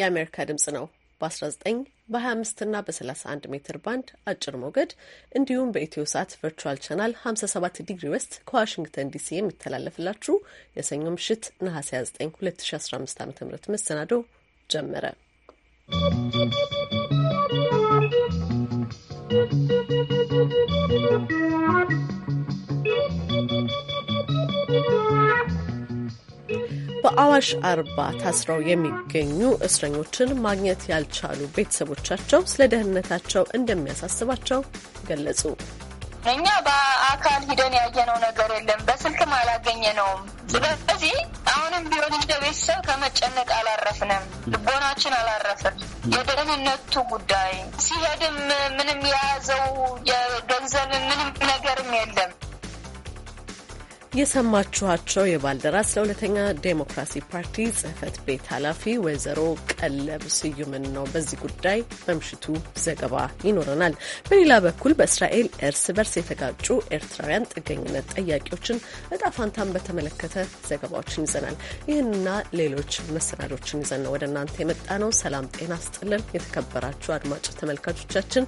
የአሜሪካ ድምጽ ነው። በ19 በ25 እና በ31 ሜትር ባንድ አጭር ሞገድ እንዲሁም በኢትዮ ሳት ቨርቹዋል ቻናል 57 ዲግሪ ውስጥ ከዋሽንግተን ዲሲ የሚተላለፍላችሁ የሰኞ ምሽት ነሐሴ 29 2015 ዓ ም መሰናዶ ጀመረ። ¶¶ በአዋሽ አርባ ታስረው የሚገኙ እስረኞችን ማግኘት ያልቻሉ ቤተሰቦቻቸው ስለ ደህንነታቸው እንደሚያሳስባቸው ገለጹ። እኛ በአካል ሂደን ያየነው ነገር የለም፣ በስልክም አላገኘነውም። ስለዚህ አሁንም ቢሆን እንደ ቤተሰብ ከመጨነቅ አላረፍንም፣ ልቦናችን አላረፍም። የደህንነቱ ጉዳይ ሲሄድም ምንም የያዘው የገንዘብ ምንም ነገርም የለም። የሰማችኋቸው የባልደራስ ለሁለተኛ ዴሞክራሲ ፓርቲ ጽህፈት ቤት ኃላፊ ወይዘሮ ቀለብ ስዩምን ነው። በዚህ ጉዳይ በምሽቱ ዘገባ ይኖረናል። በሌላ በኩል በእስራኤል እርስ በርስ የተጋጩ ኤርትራውያን ጥገኝነት ጠያቂዎችን እጣ ፋንታን በተመለከተ ዘገባዎችን ይዘናል። ይህንና ሌሎች መሰናዶችን ይዘን ነው ወደ እናንተ የመጣ ነው። ሰላም ጤና ስጥልን። የተከበራችሁ አድማጭ ተመልካቾቻችን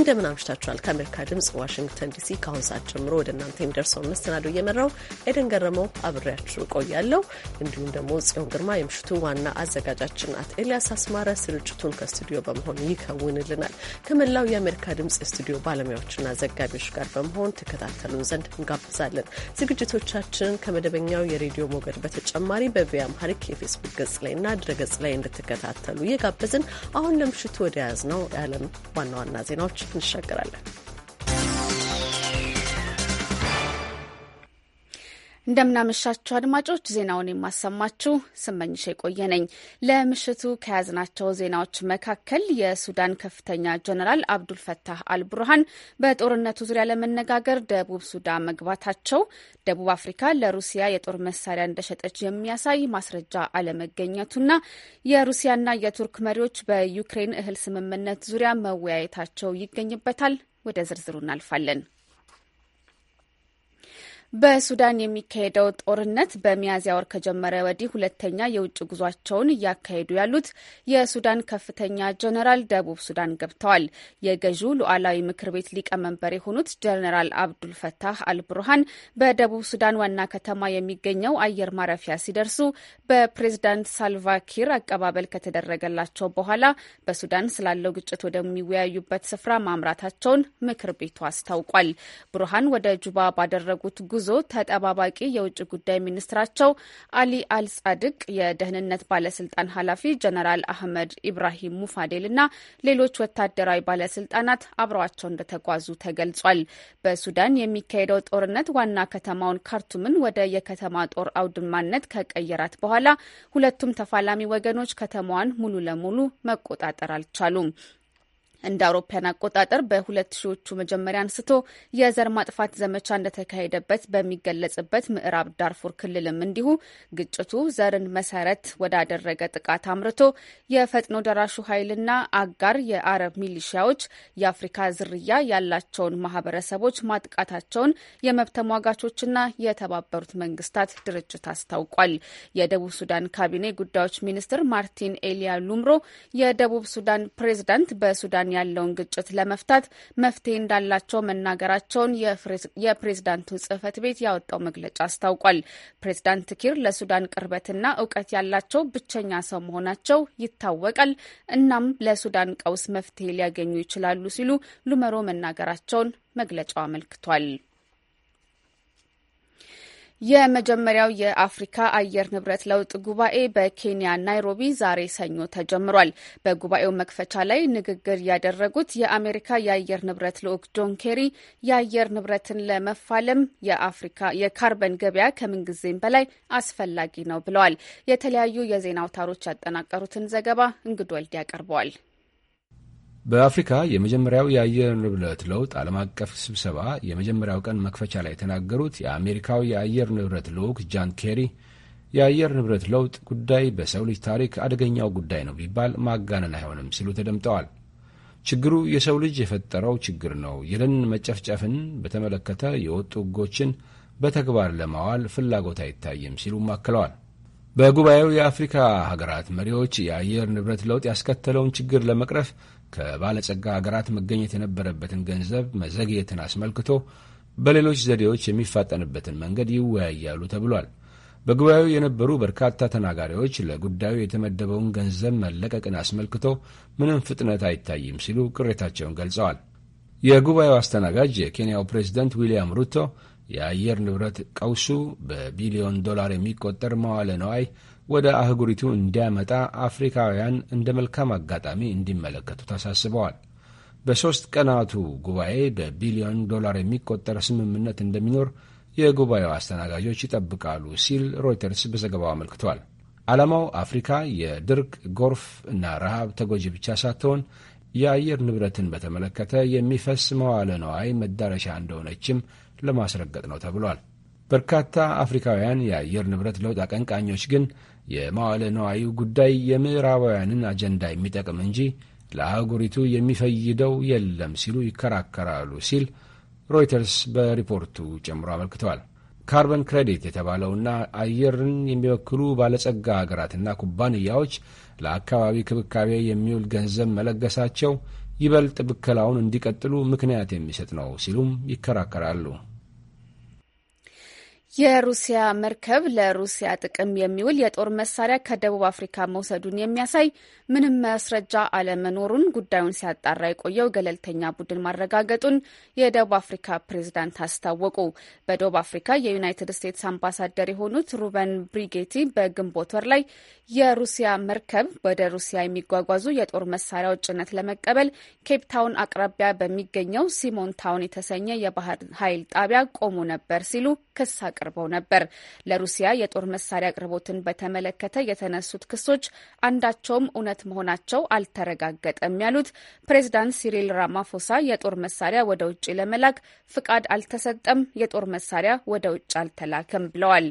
እንደምን አምሽታችኋል። ከአሜሪካ ድምጽ ዋሽንግተን ዲሲ ከአሁን ሰዓት ጀምሮ ወደ እናንተ የሚደርሰውን መሰናዶ እየመራው ኤደን ገረመው አብሬያችሁ እቆያለሁ። እንዲሁም ደግሞ ጽዮን ግርማ የምሽቱ ዋና አዘጋጃችን ናት። ኤልያስ አስማረ ስርጭቱን ከስቱዲዮ በመሆን ይከውንልናል። ከመላው የአሜሪካ ድምጽ የስቱዲዮ ባለሙያዎችና ዘጋቢዎች ጋር በመሆን ትከታተሉን ዘንድ እንጋብዛለን። ዝግጅቶቻችንን ከመደበኛው የሬዲዮ ሞገድ በተጨማሪ በቪያ አምሃሪክ የፌስቡክ ገጽ ላይና ድረገጽ ላይ እንድትከታተሉ እየጋበዝን አሁን ለምሽቱ ወደ ያዝ ነው የዓለም ዋና ዋና ዜናዎች እንሻገራለን። እንደምናመሻችሁ አድማጮች፣ ዜናውን የማሰማችሁ ስመኝሽ የቆየ ነኝ። ለምሽቱ ከያዝናቸው ዜናዎች መካከል የሱዳን ከፍተኛ ጀነራል አብዱልፈታህ አልቡርሃን በጦርነቱ ዙሪያ ለመነጋገር ደቡብ ሱዳን መግባታቸው፣ ደቡብ አፍሪካ ለሩሲያ የጦር መሳሪያ እንደሸጠች የሚያሳይ ማስረጃ አለመገኘቱና የሩሲያና የቱርክ መሪዎች በዩክሬን እህል ስምምነት ዙሪያ መወያየታቸው ይገኝበታል። ወደ ዝርዝሩ እናልፋለን። በሱዳን የሚካሄደው ጦርነት በሚያዝያ ወር ከጀመረ ወዲህ ሁለተኛ የውጭ ጉዟቸውን እያካሄዱ ያሉት የሱዳን ከፍተኛ ጀነራል ደቡብ ሱዳን ገብተዋል። የገዢው ሉዓላዊ ምክር ቤት ሊቀመንበር የሆኑት ጀነራል አብዱልፈታህ አልብሩሃን በደቡብ ሱዳን ዋና ከተማ የሚገኘው አየር ማረፊያ ሲደርሱ በፕሬዝዳንት ሳልቫኪር አቀባበል ከተደረገላቸው በኋላ በሱዳን ስላለው ግጭት ወደሚወያዩበት ስፍራ ማምራታቸውን ምክር ቤቱ አስታውቋል። ብሩሃን ወደ ጁባ ባደረጉት ጉዞ ጉዞ ተጠባባቂ የውጭ ጉዳይ ሚኒስትራቸው አሊ አልጻድቅ፣ የደህንነት ባለስልጣን ኃላፊ ጀነራል አህመድ ኢብራሂም ሙፋዴል እና ሌሎች ወታደራዊ ባለስልጣናት አብረዋቸው እንደተጓዙ ተገልጿል። በሱዳን የሚካሄደው ጦርነት ዋና ከተማውን ካርቱምን ወደ የከተማ ጦር አውድማነት ከቀየራት በኋላ ሁለቱም ተፋላሚ ወገኖች ከተማዋን ሙሉ ለሙሉ መቆጣጠር አልቻሉም። እንደ አውሮፓያን አቆጣጠር በሁለት ሺዎቹ መጀመሪያ አንስቶ የዘር ማጥፋት ዘመቻ እንደተካሄደበት በሚገለጽበት ምዕራብ ዳርፉር ክልልም እንዲሁ ግጭቱ ዘርን መሰረት ወዳደረገ ጥቃት አምርቶ የፈጥኖ ደራሹ ኃይልና አጋር የአረብ ሚሊሺያዎች የአፍሪካ ዝርያ ያላቸውን ማህበረሰቦች ማጥቃታቸውን የመብት ተሟጋቾችና የተባበሩት መንግስታት ድርጅት አስታውቋል። የደቡብ ሱዳን ካቢኔ ጉዳዮች ሚኒስትር ማርቲን ኤሊያ ሉምሮ የደቡብ ሱዳን ፕሬዝዳንት በሱዳን ያለውን ግጭት ለመፍታት መፍትሄ እንዳላቸው መናገራቸውን የፕሬዝዳንቱ ጽህፈት ቤት ያወጣው መግለጫ አስታውቋል። ፕሬዝዳንት ኪር ለሱዳን ቅርበትና እውቀት ያላቸው ብቸኛ ሰው መሆናቸው ይታወቃል። እናም ለሱዳን ቀውስ መፍትሄ ሊያገኙ ይችላሉ ሲሉ ሉመሮ መናገራቸውን መግለጫው አመልክቷል። የመጀመሪያው የአፍሪካ አየር ንብረት ለውጥ ጉባኤ በኬንያ ናይሮቢ ዛሬ ሰኞ ተጀምሯል። በጉባኤው መክፈቻ ላይ ንግግር ያደረጉት የአሜሪካ የአየር ንብረት ልዑክ ጆን ኬሪ የአየር ንብረትን ለመፋለም የአፍሪካ የካርበን ገበያ ከምንጊዜም በላይ አስፈላጊ ነው ብለዋል። የተለያዩ የዜና አውታሮች ያጠናቀሩትን ዘገባ እንግድ ወልድ ያቀርበዋል። በአፍሪካ የመጀመሪያው የአየር ንብረት ለውጥ ዓለም አቀፍ ስብሰባ የመጀመሪያው ቀን መክፈቻ ላይ የተናገሩት የአሜሪካው የአየር ንብረት ልዑክ ጃን ኬሪ የአየር ንብረት ለውጥ ጉዳይ በሰው ልጅ ታሪክ አደገኛው ጉዳይ ነው ቢባል ማጋነን አይሆንም ሲሉ ተደምጠዋል። ችግሩ የሰው ልጅ የፈጠረው ችግር ነው። የደን መጨፍጨፍን በተመለከተ የወጡ ሕጎችን በተግባር ለማዋል ፍላጎት አይታይም ሲሉም አክለዋል። በጉባኤው የአፍሪካ ሀገራት መሪዎች የአየር ንብረት ለውጥ ያስከተለውን ችግር ለመቅረፍ ከባለጸጋ አገራት መገኘት የነበረበትን ገንዘብ መዘግየትን አስመልክቶ በሌሎች ዘዴዎች የሚፋጠንበትን መንገድ ይወያያሉ ተብሏል። በጉባኤው የነበሩ በርካታ ተናጋሪዎች ለጉዳዩ የተመደበውን ገንዘብ መለቀቅን አስመልክቶ ምንም ፍጥነት አይታይም ሲሉ ቅሬታቸውን ገልጸዋል። የጉባኤው አስተናጋጅ የኬንያው ፕሬዝደንት ዊልያም ሩቶ የአየር ንብረት ቀውሱ በቢሊዮን ዶላር የሚቆጠር መዋለ ነዋይ ወደ አህጉሪቱ እንዲያመጣ አፍሪካውያን እንደ መልካም አጋጣሚ እንዲመለከቱ ታሳስበዋል። በሦስት ቀናቱ ጉባኤ በቢሊዮን ዶላር የሚቆጠር ስምምነት እንደሚኖር የጉባኤው አስተናጋጆች ይጠብቃሉ ሲል ሮይተርስ በዘገባው አመልክቷል። ዓላማው አፍሪካ የድርቅ፣ ጎርፍ እና ረሃብ ተጎጂ ብቻ ሳትሆን የአየር ንብረትን በተመለከተ የሚፈስ መዋለ ነዋይ መዳረሻ እንደሆነችም ለማስረገጥ ነው ተብሏል። በርካታ አፍሪካውያን የአየር ንብረት ለውጥ አቀንቃኞች ግን የመዋለ ነዋዩ ጉዳይ የምዕራባውያንን አጀንዳ የሚጠቅም እንጂ ለአህጉሪቱ የሚፈይደው የለም ሲሉ ይከራከራሉ ሲል ሮይተርስ በሪፖርቱ ጨምሮ አመልክተዋል። ካርበን ክሬዲት የተባለውና አየርን የሚወክሉ ባለጸጋ ሀገራትና ኩባንያዎች ለአካባቢ ክብካቤ የሚውል ገንዘብ መለገሳቸው ይበልጥ ብከላውን እንዲቀጥሉ ምክንያት የሚሰጥ ነው ሲሉም ይከራከራሉ። የሩሲያ መርከብ ለሩሲያ ጥቅም የሚውል የጦር መሳሪያ ከደቡብ አፍሪካ መውሰዱን የሚያሳይ ምንም ማስረጃ አለመኖሩን ጉዳዩን ሲያጣራ የቆየው ገለልተኛ ቡድን ማረጋገጡን የደቡብ አፍሪካ ፕሬዝዳንት አስታወቁ። በደቡብ አፍሪካ የዩናይትድ ስቴትስ አምባሳደር የሆኑት ሩበን ብሪጌቲ በግንቦት ወር ላይ የሩሲያ መርከብ ወደ ሩሲያ የሚጓጓዙ የጦር መሳሪያዎች ጭነት ለመቀበል ኬፕታውን አቅራቢያ በሚገኘው ሲሞን ታውን የተሰኘ የባህር ኃይል ጣቢያ ቆሙ ነበር ሲሉ ክስ አቅርበው ነበር። ለሩሲያ የጦር መሳሪያ አቅርቦትን በተመለከተ የተነሱት ክሶች አንዳቸውም እውነት መሆናቸው አልተረጋገጠም ያሉት ፕሬዚዳንት ሲሪል ራማፎሳ የጦር መሳሪያ ወደ ውጭ ለመላክ ፍቃድ አልተሰጠም፣ የጦር መሳሪያ ወደ ውጭ አልተላከም ብለዋል።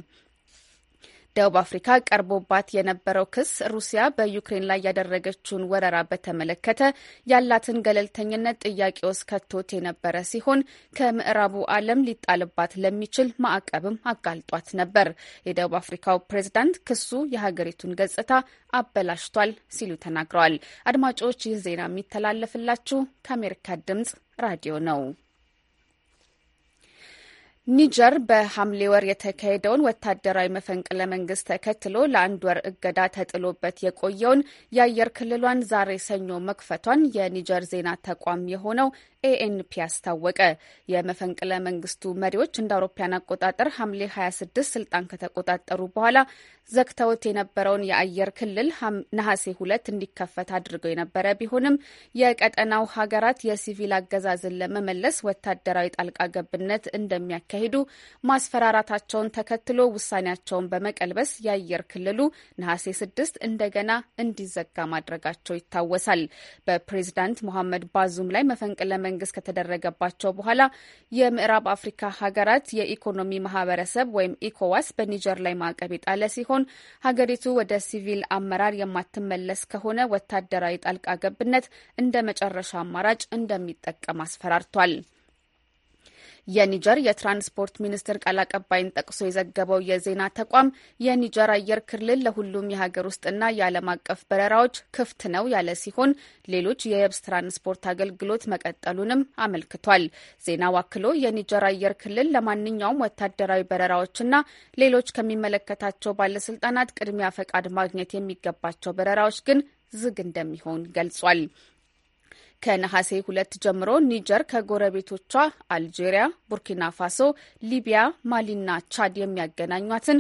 ደቡብ አፍሪካ ቀርቦባት የነበረው ክስ ሩሲያ በዩክሬን ላይ ያደረገችውን ወረራ በተመለከተ ያላትን ገለልተኝነት ጥያቄ ውስጥ ከቶት የነበረ ሲሆን ከምዕራቡ ዓለም ሊጣልባት ለሚችል ማዕቀብም አጋልጧት ነበር። የደቡብ አፍሪካው ፕሬዝዳንት ክሱ የሀገሪቱን ገጽታ አበላሽቷል ሲሉ ተናግረዋል። አድማጮች፣ ይህ ዜና የሚተላለፍላችሁ ከአሜሪካ ድምጽ ራዲዮ ነው። ኒጀር በሐምሌ ወር የተካሄደውን ወታደራዊ መፈንቅለ መንግስት ተከትሎ ለአንድ ወር እገዳ ተጥሎበት የቆየውን የአየር ክልሏን ዛሬ ሰኞ መክፈቷን የኒጀር ዜና ተቋም የሆነው ኤኤንፒ አስታወቀ። የመፈንቅለ መንግስቱ መሪዎች እንደ አውሮፓያን አቆጣጠር ሐምሌ 26 ስልጣን ከተቆጣጠሩ በኋላ ዘግተውት የነበረውን የአየር ክልል ነሐሴ ሁለት እንዲከፈት አድርገው የነበረ ቢሆንም የቀጠናው ሀገራት የሲቪል አገዛዝን ለመመለስ ወታደራዊ ጣልቃ ገብነት እንደሚያካሂዱ ማስፈራራታቸውን ተከትሎ ውሳኔያቸውን በመቀልበስ የአየር ክልሉ ነሐሴ ስድስት እንደገና እንዲዘጋ ማድረጋቸው ይታወሳል። በፕሬዝዳንት ሞሐመድ ባዙም ላይ መፈንቅለ መንግስት ከተደረገባቸው በኋላ የምዕራብ አፍሪካ ሀገራት የኢኮኖሚ ማህበረሰብ ወይም ኢኮዋስ በኒጀር ላይ ማዕቀብ የጣለ ሲሆን ሲሆን ሀገሪቱ ወደ ሲቪል አመራር የማትመለስ ከሆነ ወታደራዊ ጣልቃ ገብነት እንደ መጨረሻ አማራጭ እንደሚጠቀም አስፈራርቷል። የኒጀር የትራንስፖርት ሚኒስቴር ቃል አቀባይን ጠቅሶ የዘገበው የዜና ተቋም የኒጀር አየር ክልል ለሁሉም የሀገር ውስጥና የዓለም አቀፍ በረራዎች ክፍት ነው ያለ ሲሆን ሌሎች የየብስ ትራንስፖርት አገልግሎት መቀጠሉንም አመልክቷል። ዜናው አክሎ የኒጀር አየር ክልል ለማንኛውም ወታደራዊ በረራዎችና ሌሎች ከሚመለከታቸው ባለስልጣናት ቅድሚያ ፈቃድ ማግኘት የሚገባቸው በረራዎች ግን ዝግ እንደሚሆን ገልጿል። ከነሐሴ ሁለት ጀምሮ ኒጀር ከጎረቤቶቿ አልጄሪያ፣ ቡርኪና ፋሶ፣ ሊቢያ፣ ማሊና ቻድ የሚያገናኟትን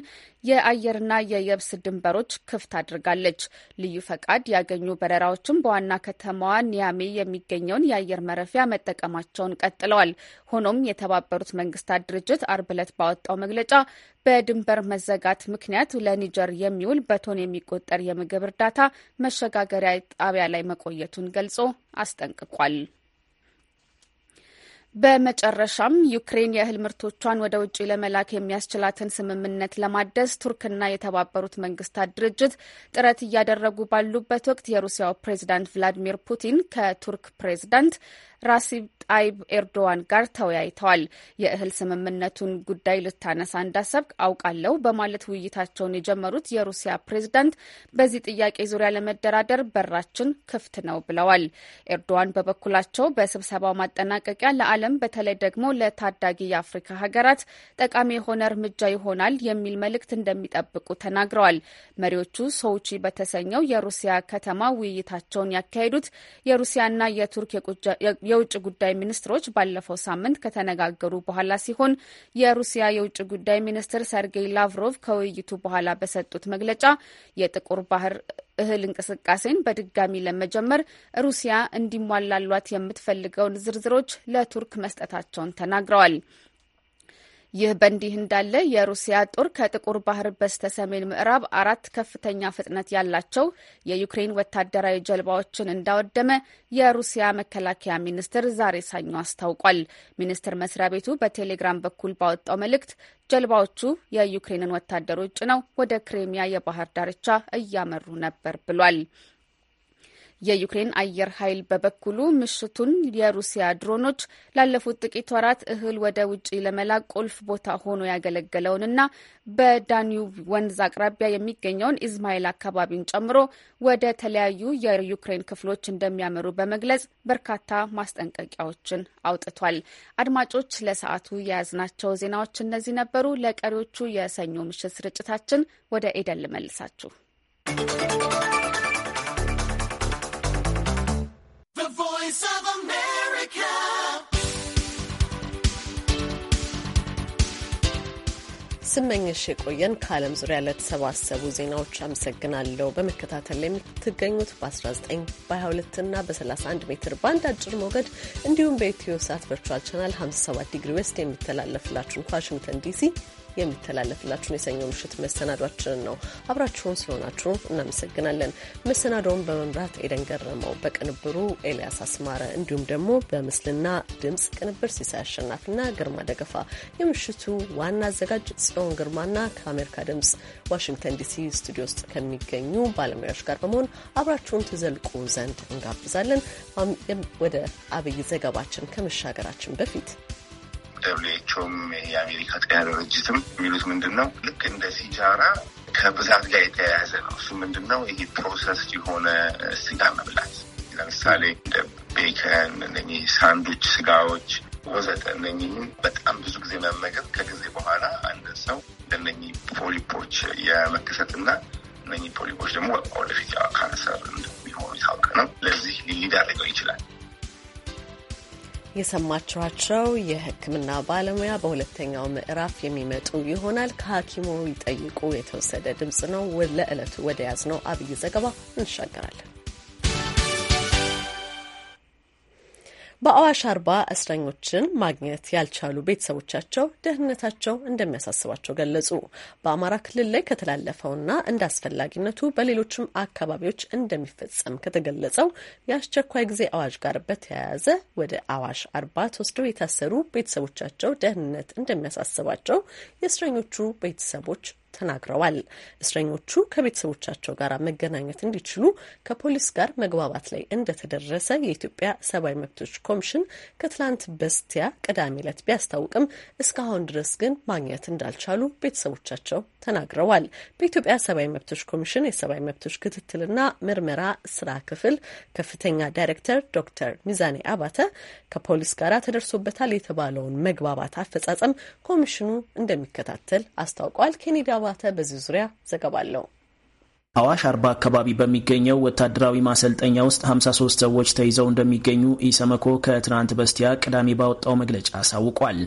የአየርና የየብስ ድንበሮች ክፍት አድርጋለች። ልዩ ፈቃድ ያገኙ በረራዎችም በዋና ከተማዋ ኒያሜ የሚገኘውን የአየር መረፊያ መጠቀማቸውን ቀጥለዋል። ሆኖም የተባበሩት መንግስታት ድርጅት አርብ ዕለት ባወጣው መግለጫ በድንበር መዘጋት ምክንያት ለኒጀር የሚውል በቶን የሚቆጠር የምግብ እርዳታ መሸጋገሪያ ጣቢያ ላይ መቆየቱን ገልጾ አስጠንቅቋል። በመጨረሻም ዩክሬን የእህል ምርቶቿን ወደ ውጭ ለመላክ የሚያስችላትን ስምምነት ለማደስ ቱርክና የተባበሩት መንግስታት ድርጅት ጥረት እያደረጉ ባሉበት ወቅት የሩሲያው ፕሬዚዳንት ቭላዲሚር ፑቲን ከቱርክ ፕሬዚዳንት ራሲብ ጣይብ ኤርዶዋን ጋር ተወያይተዋል። የእህል ስምምነቱን ጉዳይ ልታነሳ እንዳሰብክ አውቃለሁ በማለት ውይይታቸውን የጀመሩት የሩሲያ ፕሬዝዳንት በዚህ ጥያቄ ዙሪያ ለመደራደር በራችን ክፍት ነው ብለዋል። ኤርዶዋን በበኩላቸው በስብሰባው ማጠናቀቂያ ለዓለም በተለይ ደግሞ ለታዳጊ የአፍሪካ ሀገራት ጠቃሚ የሆነ እርምጃ ይሆናል የሚል መልእክት እንደሚጠብቁ ተናግረዋል። መሪዎቹ ሶውቺ በተሰኘው የሩሲያ ከተማ ውይይታቸውን ያካሄዱት የሩሲያና የቱርክ የውጭ ጉዳይ ሚኒስትሮች ባለፈው ሳምንት ከተነጋገሩ በኋላ ሲሆን የሩሲያ የውጭ ጉዳይ ሚኒስትር ሰርጌይ ላቭሮቭ ከውይይቱ በኋላ በሰጡት መግለጫ የጥቁር ባህር እህል እንቅስቃሴን በድጋሚ ለመጀመር ሩሲያ እንዲሟላሏት የምትፈልገውን ዝርዝሮች ለቱርክ መስጠታቸውን ተናግረዋል። ይህ በእንዲህ እንዳለ የሩሲያ ጦር ከጥቁር ባህር በስተ ሰሜን ምዕራብ አራት ከፍተኛ ፍጥነት ያላቸው የዩክሬን ወታደራዊ ጀልባዎችን እንዳወደመ የሩሲያ መከላከያ ሚኒስትር ዛሬ ሰኞ አስታውቋል። ሚኒስቴር መስሪያ ቤቱ በቴሌግራም በኩል ባወጣው መልእክት ጀልባዎቹ የዩክሬንን ወታደሮች ጭነው ወደ ክሬሚያ የባህር ዳርቻ እያመሩ ነበር ብሏል። የዩክሬን አየር ኃይል በበኩሉ ምሽቱን የሩሲያ ድሮኖች ላለፉት ጥቂት ወራት እህል ወደ ውጭ ለመላክ ቁልፍ ቦታ ሆኖ ያገለገለውንና በዳኒዩብ ወንዝ አቅራቢያ የሚገኘውን ኢዝማኤል አካባቢን ጨምሮ ወደ ተለያዩ የዩክሬን ክፍሎች እንደሚያመሩ በመግለጽ በርካታ ማስጠንቀቂያዎችን አውጥቷል። አድማጮች፣ ለሰዓቱ የያዝናቸው ዜናዎች እነዚህ ነበሩ። ለቀሪዎቹ የሰኞ ምሽት ስርጭታችን ወደ ኤደን ልመልሳችሁ። ስመኝሽ የቆየን ከዓለም ዙሪያ ለተሰባሰቡ ዜናዎች አመሰግናለሁ። በመከታተል ላይ የምትገኙት በ19 በ22 እና በ31 ሜትር ባንድ አጭር ሞገድ እንዲሁም በኢትዮ ሳት ቨርቹዋል ቻናል 57 ዲግሪ ዌስት የሚተላለፍላችሁን ከዋሽንግተን ዲሲ የሚተላለፍላችሁን የሰኞ ምሽት መሰናዷችንን ነው። አብራችሁን ስለሆናችሁ እናመሰግናለን። መሰናዶውን በመምራት ኤደን ገረመው፣ በቅንብሩ ኤልያስ አስማረ እንዲሁም ደግሞ በምስልና ድምፅ ቅንብር ሲሳይ አሸናፊና ግርማ ደገፋ የምሽቱ ዋና አዘጋጅ ጽዮን ግርማና ከአሜሪካ ድምፅ ዋሽንግተን ዲሲ ስቱዲዮ ውስጥ ከሚገኙ ባለሙያዎች ጋር በመሆን አብራችሁን ትዘልቁ ዘንድ እንጋብዛለን። ወደ አብይ ዘገባችን ከመሻገራችን በፊት ደብሊውኤችኦም የአሜሪካ ጤና ድርጅትም የሚሉት ምንድን ነው ልክ እንደ ሲጃራ ከብዛት ጋር የተያያዘ ነው። እሱ ምንድን ነው ይሄ ፕሮሰስ የሆነ ስጋ መብላት ለምሳሌ እንደ ቤከን፣ እነኚህ ሳንዱች ስጋዎች ወዘተ እነኚህም በጣም ብዙ ጊዜ መመገብ ከጊዜ በኋላ አንድ ሰው እነኚህ ፖሊፖች የመከሰት የመከሰትና እነኚህ ፖሊፖች ደግሞ ወደፊት ካንሰር እንደሚሆኑ የታወቀ ነው። ለዚህ ሊዳረገው ይችላል። የሰማችኋቸው የሕክምና ባለሙያ በሁለተኛው ምዕራፍ የሚመጡ ይሆናል። ከሐኪሙ ይጠይቁ የተወሰደ ድምጽ ነው። ለዕለቱ ወደ ያዝ ነው አብይ ዘገባ እንሻገራለን። በአዋሽ አርባ እስረኞችን ማግኘት ያልቻሉ ቤተሰቦቻቸው ደህንነታቸው እንደሚያሳስባቸው ገለጹ። በአማራ ክልል ላይ ከተላለፈውና እንደ አስፈላጊነቱ በሌሎችም አካባቢዎች እንደሚፈጸም ከተገለጸው የአስቸኳይ ጊዜ አዋጅ ጋር በተያያዘ ወደ አዋሽ አርባ ተወስደው የታሰሩ ቤተሰቦቻቸው ደህንነት እንደሚያሳስባቸው የእስረኞቹ ቤተሰቦች ተናግረዋል። እስረኞቹ ከቤተሰቦቻቸው ጋር መገናኘት እንዲችሉ ከፖሊስ ጋር መግባባት ላይ እንደተደረሰ የኢትዮጵያ ሰብአዊ መብቶች ኮሚሽን ከትላንት በስቲያ ቅዳሜ ዕለት ቢያስታውቅም እስካሁን ድረስ ግን ማግኘት እንዳልቻሉ ቤተሰቦቻቸው ተናግረዋል። በኢትዮጵያ ሰብአዊ መብቶች ኮሚሽን የሰብአዊ መብቶች ክትትልና ምርመራ ስራ ክፍል ከፍተኛ ዳይሬክተር ዶክተር ሚዛኔ አባተ ከፖሊስ ጋር ተደርሶበታል የተባለውን መግባባት አፈጻጸም ኮሚሽኑ እንደሚከታተል አስታውቋል። ኬኔዳ አባተ በዚህ ዙሪያ ዘገባ አለው። አዋሽ አርባ አካባቢ በሚገኘው ወታደራዊ ማሰልጠኛ ውስጥ 53 ሰዎች ተይዘው እንደሚገኙ ኢሰመኮ ከትናንት በስቲያ ቅዳሜ ባወጣው መግለጫ አሳውቋል።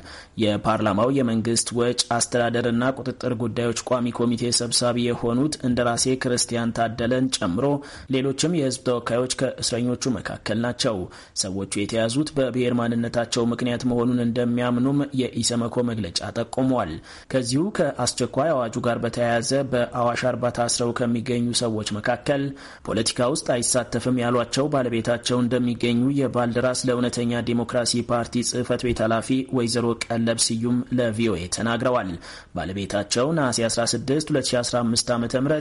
የፓርላማው የመንግስት ወጪ አስተዳደርና ቁጥጥር ጉዳዮች ቋሚ ኮሚቴ ሰብሳቢ የሆኑት እንደራሴ ክርስቲያን ታደለን ጨምሮ ሌሎችም የህዝብ ተወካዮች ከእስረኞቹ መካከል ናቸው። ሰዎቹ የተያዙት በብሔር ማንነታቸው ምክንያት መሆኑን እንደሚያምኑም የኢሰመኮ መግለጫ ጠቁሟል። ከዚሁ ከአስቸኳይ አዋጁ ጋር በተያያዘ በአዋሽ አርባ ታስረው ከሚገ ከሚገኙ ሰዎች መካከል ፖለቲካ ውስጥ አይሳተፍም ያሏቸው ባለቤታቸው እንደሚገኙ የባልደራስ ለእውነተኛ ዲሞክራሲ ፓርቲ ጽህፈት ቤት ኃላፊ ወይዘሮ ቀለብ ስዩም ለቪኦኤ ተናግረዋል። ባለቤታቸው ነሐሴ 16 2015 ዓ ም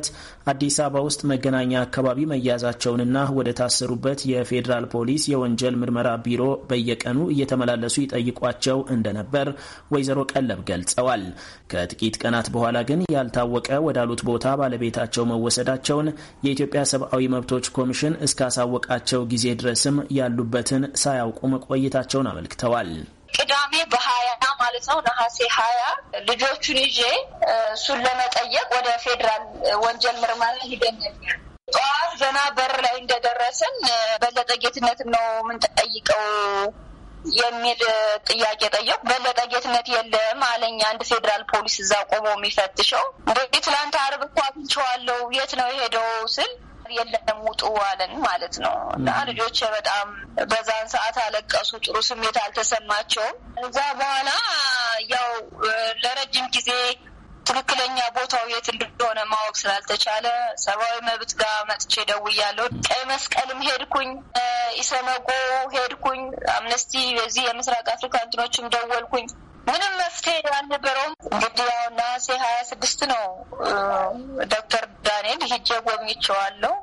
አዲስ አበባ ውስጥ መገናኛ አካባቢ መያዛቸውንና ወደ ታሰሩበት የፌዴራል ፖሊስ የወንጀል ምርመራ ቢሮ በየቀኑ እየተመላለሱ ይጠይቋቸው እንደነበር ወይዘሮ ቀለብ ገልጸዋል። ከጥቂት ቀናት በኋላ ግን ያልታወቀ ወዳሉት ቦታ ባለቤታቸው መወሰድ መወሰዳቸውን የኢትዮጵያ ሰብአዊ መብቶች ኮሚሽን እስካሳወቃቸው ጊዜ ድረስም ያሉበትን ሳያውቁ መቆየታቸውን አመልክተዋል። ቅዳሜ በሀያ ማለት ነው ነሐሴ ሀያ ልጆቹን ይዤ እሱን ለመጠየቅ ወደ ፌዴራል ወንጀል ምርመራ ሂደን ጠዋት ዘና በር ላይ እንደደረስን በለጠ ጌትነትን ነው የምንጠይቀው የሚል ጥያቄ ጠየቅ። ጌትነት የለም አለኝ። አንድ ፌዴራል ፖሊስ እዛ ቆሞ የሚፈትሸው እንደ ትላንት አርብ እኮ አግኝቼዋለሁ የት ነው የሄደው ስል የለም ውጡ አለን ማለት ነው። እና ልጆች በጣም በዛን ሰዓት አለቀሱ። ጥሩ ስሜት አልተሰማቸውም። እዛ በኋላ ያው ለረጅም ጊዜ ትክክለኛ ቦታው የት እንደሆነ ማወቅ ስላልተቻለ ሰብአዊ መብት ጋር መጥቼ ደውያለሁ። ቀይ መስቀልም ሄድኩኝ፣ ኢሰመጎ ሄድኩኝ፣ አምነስቲ በዚህ የምስራቅ አፍሪካ እንትኖችም ደወልኩኝ። ምንም መፍትሄ ያልነበረውም እንግዲህ ያው ነሐሴ ሀያ ስድስት ነው ዶክተር ዳንኤል ሂጄ ጎብኝቼዋለሁ።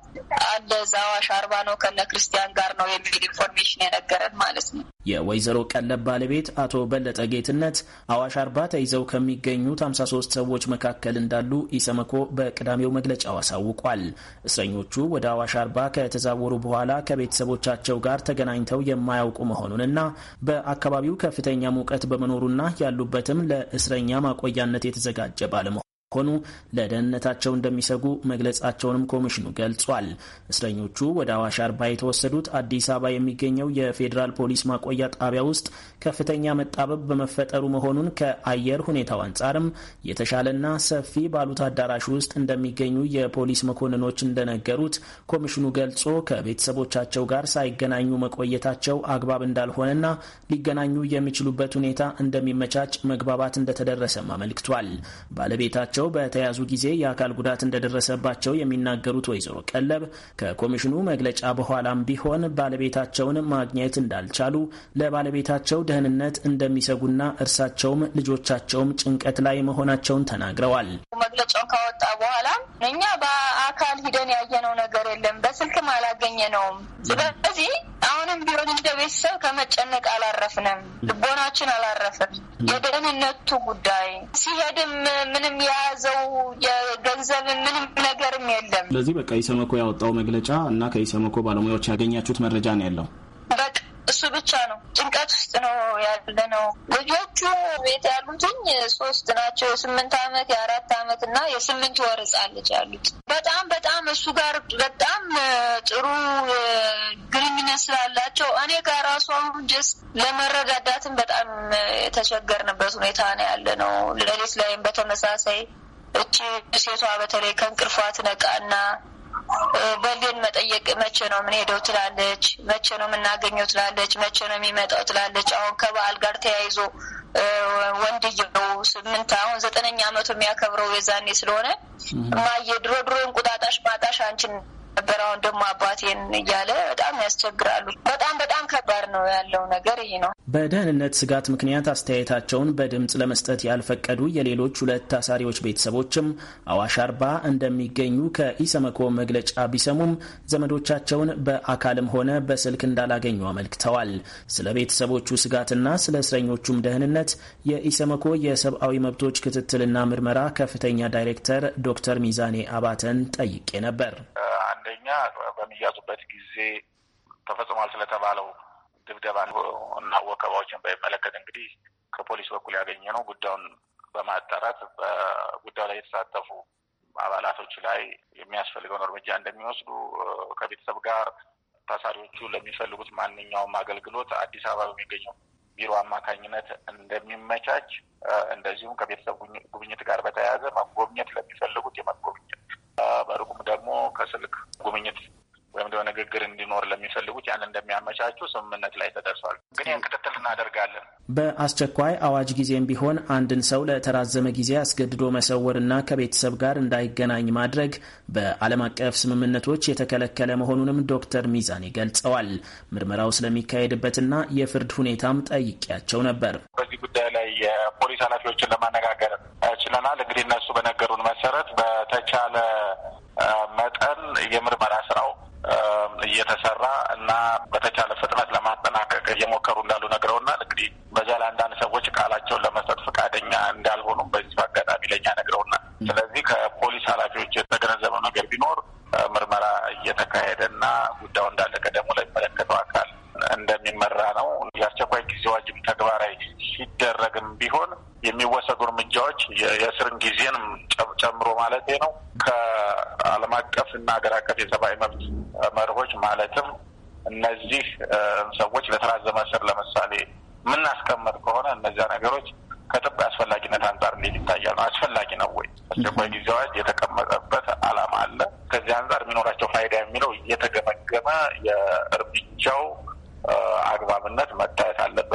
አለ እዛ አዋሽ አርባ ነው ከነ ክርስቲያን ጋር ነው የሚል ኢንፎርሜሽን የነገረን ማለት ነው። የወይዘሮ ቀለብ ባለቤት አቶ በለጠ ጌትነት አዋሽ አርባ ተይዘው ከሚገኙት 53 ሰዎች መካከል እንዳሉ ኢሰመኮ በቅዳሜው መግለጫው አሳውቋል። እስረኞቹ ወደ አዋሽ አርባ ከተዛወሩ በኋላ ከቤተሰቦቻቸው ጋር ተገናኝተው የማያውቁ መሆኑንና በአካባቢው ከፍተኛ ሙቀት በመኖሩና ያሉበትም ለእስረኛ ማቆያነት የተዘጋጀ ባለመሆ ኮኑ ለደህንነታቸው እንደሚሰጉ መግለጻቸውንም ኮሚሽኑ ገልጿል። እስረኞቹ ወደ አዋሽ አርባ የተወሰዱት አዲስ አበባ የሚገኘው የፌዴራል ፖሊስ ማቆያ ጣቢያ ውስጥ ከፍተኛ መጣበብ በመፈጠሩ መሆኑን ከአየር ሁኔታው አንጻርም የተሻለና ሰፊ ባሉት አዳራሽ ውስጥ እንደሚገኙ የፖሊስ መኮንኖች እንደነገሩት ኮሚሽኑ ገልጾ ከቤተሰቦቻቸው ጋር ሳይገናኙ መቆየታቸው አግባብ እንዳልሆነና ሊገናኙ የሚችሉበት ሁኔታ እንደሚመቻች መግባባት እንደተደረሰም አመልክቷል። ባለቤታቸው በቤታቸው በተያዙ ጊዜ የአካል ጉዳት እንደደረሰባቸው የሚናገሩት ወይዘሮ ቀለብ ከኮሚሽኑ መግለጫ በኋላም ቢሆን ባለቤታቸውን ማግኘት እንዳልቻሉ፣ ለባለቤታቸው ደህንነት እንደሚሰጉና እርሳቸውም ልጆቻቸውም ጭንቀት ላይ መሆናቸውን ተናግረዋል። መግለጫውን ካወጣ በኋላ እኛ በአካል ሂደን ያየነው ነገር የለም፣ በስልክም አላገኘ ነውም። ስለዚህ አሁንም ቢሆን እንደ ቤተሰብ ከመጨነቅ አላረፍንም፣ ልቦናችን አላረፍም። የደህንነቱ ጉዳይ ሲሄድም ምንም ያ የያዘው የገንዘብ ምንም ነገርም የለም። ስለዚህ በቃ ኢሰመኮ ያወጣው መግለጫ እና ከኢሰመኮ ባለሙያዎች ያገኛችሁት መረጃ ነው ያለው በቃ እሱ ብቻ ነው። ጭንቀት ውስጥ ነው ያለ ነው። ልጆቹ ቤት ያሉትኝ ሶስት ናቸው። የስምንት አመት የአራት አመት እና የስምንት ወር ህጻን ልጅ ያሉት በጣም በጣም እሱ ጋር በጣም ጥሩ ግንኙነት ስላላቸው እኔ ጋር ራሱ አሁን ጀስ ለመረዳዳትን በጣም የተቸገርንበት ሁኔታ ነው ያለ ነው። ሌሊት ላይም በተመሳሳይ እቺ ሴቷ በተለይ ከእንቅልፏ ትነቃና በሌን መጠየቅ መቼ ነው የምንሄደው ትላለች፣ መቼ ነው የምናገኘው ትላለች፣ መቼ ነው የሚመጣው ትላለች። አሁን ከበዓል ጋር ተያይዞ ወንድየው ስምንት አሁን ዘጠነኛ ዓመቱ የሚያከብረው የዛኔ ስለሆነ ማየ ድሮ ድሮ እንቁጣጣሽ ማጣሽ አንቺን ነበር። አሁን ደግሞ አባቴን እያለ በጣም ያስቸግራሉ። በጣም በጣም ከባድ ነው ያለው ነገር ይሄ ነው። በደህንነት ስጋት ምክንያት አስተያየታቸውን በድምፅ ለመስጠት ያልፈቀዱ የሌሎች ሁለት ታሳሪዎች ቤተሰቦችም አዋሽ አርባ እንደሚገኙ ከኢሰመኮ መግለጫ ቢሰሙም ዘመዶቻቸውን በአካልም ሆነ በስልክ እንዳላገኙ አመልክተዋል። ስለ ቤተሰቦቹ ስጋትና ስለ እስረኞቹም ደህንነት የኢሰመኮ የሰብአዊ መብቶች ክትትልና ምርመራ ከፍተኛ ዳይሬክተር ዶክተር ሚዛኔ አባተን ጠይቄ ነበር። አንደኛ በሚያዙበት ጊዜ ተፈጽሟል ስለተባለው ድብደባ እና ወከባዎችን በሚመለከት እንግዲህ ከፖሊስ በኩል ያገኘ ነው ጉዳዩን በማጣራት በጉዳዩ ላይ የተሳተፉ አባላቶች ላይ የሚያስፈልገውን እርምጃ እንደሚወስዱ ከቤተሰብ ጋር ታሳሪዎቹ ለሚፈልጉት ማንኛውም አገልግሎት አዲስ አበባ በሚገኘው ቢሮ አማካኝነት እንደሚመቻች እንደዚሁም ከቤተሰብ ጉብኝት ጋር በተያያዘ መጎብኘት ለሚፈልጉት የመጎብኘ በሩቁም ደግሞ ከስልክ ጉብኝት ወይም ደግሞ ንግግር እንዲኖር ለሚፈልጉት ያን እንደሚያመቻቹ ስምምነት ላይ ተደርሷል። ግን ይህን ክትትል እናደርጋለን። በአስቸኳይ አዋጅ ጊዜም ቢሆን አንድን ሰው ለተራዘመ ጊዜ አስገድዶ መሰወርና ከቤተሰብ ጋር እንዳይገናኝ ማድረግ በዓለም አቀፍ ስምምነቶች የተከለከለ መሆኑንም ዶክተር ሚዛኔ ገልጸዋል። ምርመራው ስለሚካሄድበትና የፍርድ ሁኔታም ጠይቄያቸው ነበር። በዚህ ጉዳይ ላይ የፖሊስ ኃላፊዎችን ለማነጋገር ችለናል። እንግዲህ እነሱ በነገሩን መሰረት በተቻለ መጠን የምርመራ ስራው እየተሰራ እና በተቻለ ፍጥነት ለማጠናቀቅ እየሞከሩ እንዳሉ ነግረውናል። እንግዲህ በዛ ላይ አንዳንድ ሰዎች ቃላቸውን ለመስጠት ፈቃደኛ እንዳልሆኑም በዚህ አጋጣሚ ለእኛ ነግረውናል። ስለዚህ ከፖሊስ ኃላፊዎች የተገነዘበው ነገር ቢኖር ምርመራ እየተካሄደ እና ጉዳዩ እንዳለቀ ደግሞ ለሚመለከተው አካል እንደሚመራ ነው። የአስቸኳይ ጊዜ አዋጅም ተግባራዊ ሲደረግም ቢሆን የሚወሰዱ እርምጃዎች የእስርን ጊዜንም ጨምሮ ማለት ነው ከዓለም አቀፍ እና ሀገር አቀፍ የሰብአዊ መብት መርሆች ማለትም እነዚህ ሰዎች ለተራዘመ እስር ለምሳሌ የምናስቀምጥ ከሆነ እነዚያ ነገሮች ከጥብቅ አስፈላጊነት አንጻር እንዴት ይታያል ነው። አስፈላጊ ነው ወይ? አስቸኳይ ጊዜ አዋጅ የተቀመጠበት አላማ አለ። ከዚህ አንጻር የሚኖራቸው ፋይዳ የሚለው እየተገመገመ የእርምጃው አግባብነት መታየት አለበት።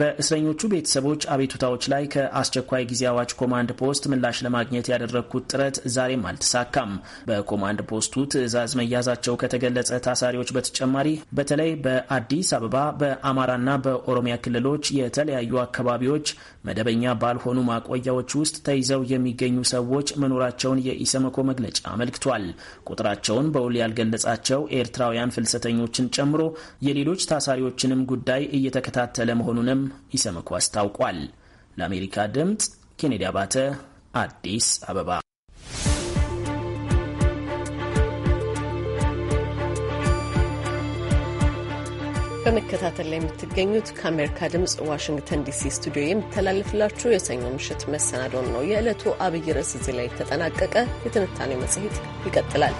በእስረኞቹ ቤተሰቦች አቤቱታዎች ላይ ከአስቸኳይ ጊዜ አዋጅ ኮማንድ ፖስት ምላሽ ለማግኘት ያደረግኩት ጥረት ዛሬም አልተሳካም። በኮማንድ ፖስቱ ትዕዛዝ መያዛቸው ከተገለጸ ታሳሪዎች በተጨማሪ በተለይ በአዲስ አበባ በአማራና በኦሮሚያ ክልሎች የተለያዩ አካባቢዎች መደበኛ ባልሆኑ ማቆያዎች ውስጥ ተይዘው የሚገኙ ሰዎች መኖራቸውን የኢሰመኮ መግለጫ አመልክቷል። ቁጥራቸውን በውል ያልገለጻቸው ኤርትራውያን ፍልሰተኞችን ጨምሮ የሌሎች ታሳሪዎችንም ጉዳይ እየተከታተለ መሆኑንም መሆኑንም ኢሰመኮ አስታውቋል። ለአሜሪካ ድምፅ ኬኔዲ አባተ አዲስ አበባ። በመከታተል ላይ የምትገኙት ከአሜሪካ ድምፅ ዋሽንግተን ዲሲ ስቱዲዮ የሚተላለፍላችሁ የሰኞ ምሽት መሰናዶን ነው። የዕለቱ አብይ ርዕስ እዚህ ላይ ተጠናቀቀ። የትንታኔ መጽሔት ይቀጥላል።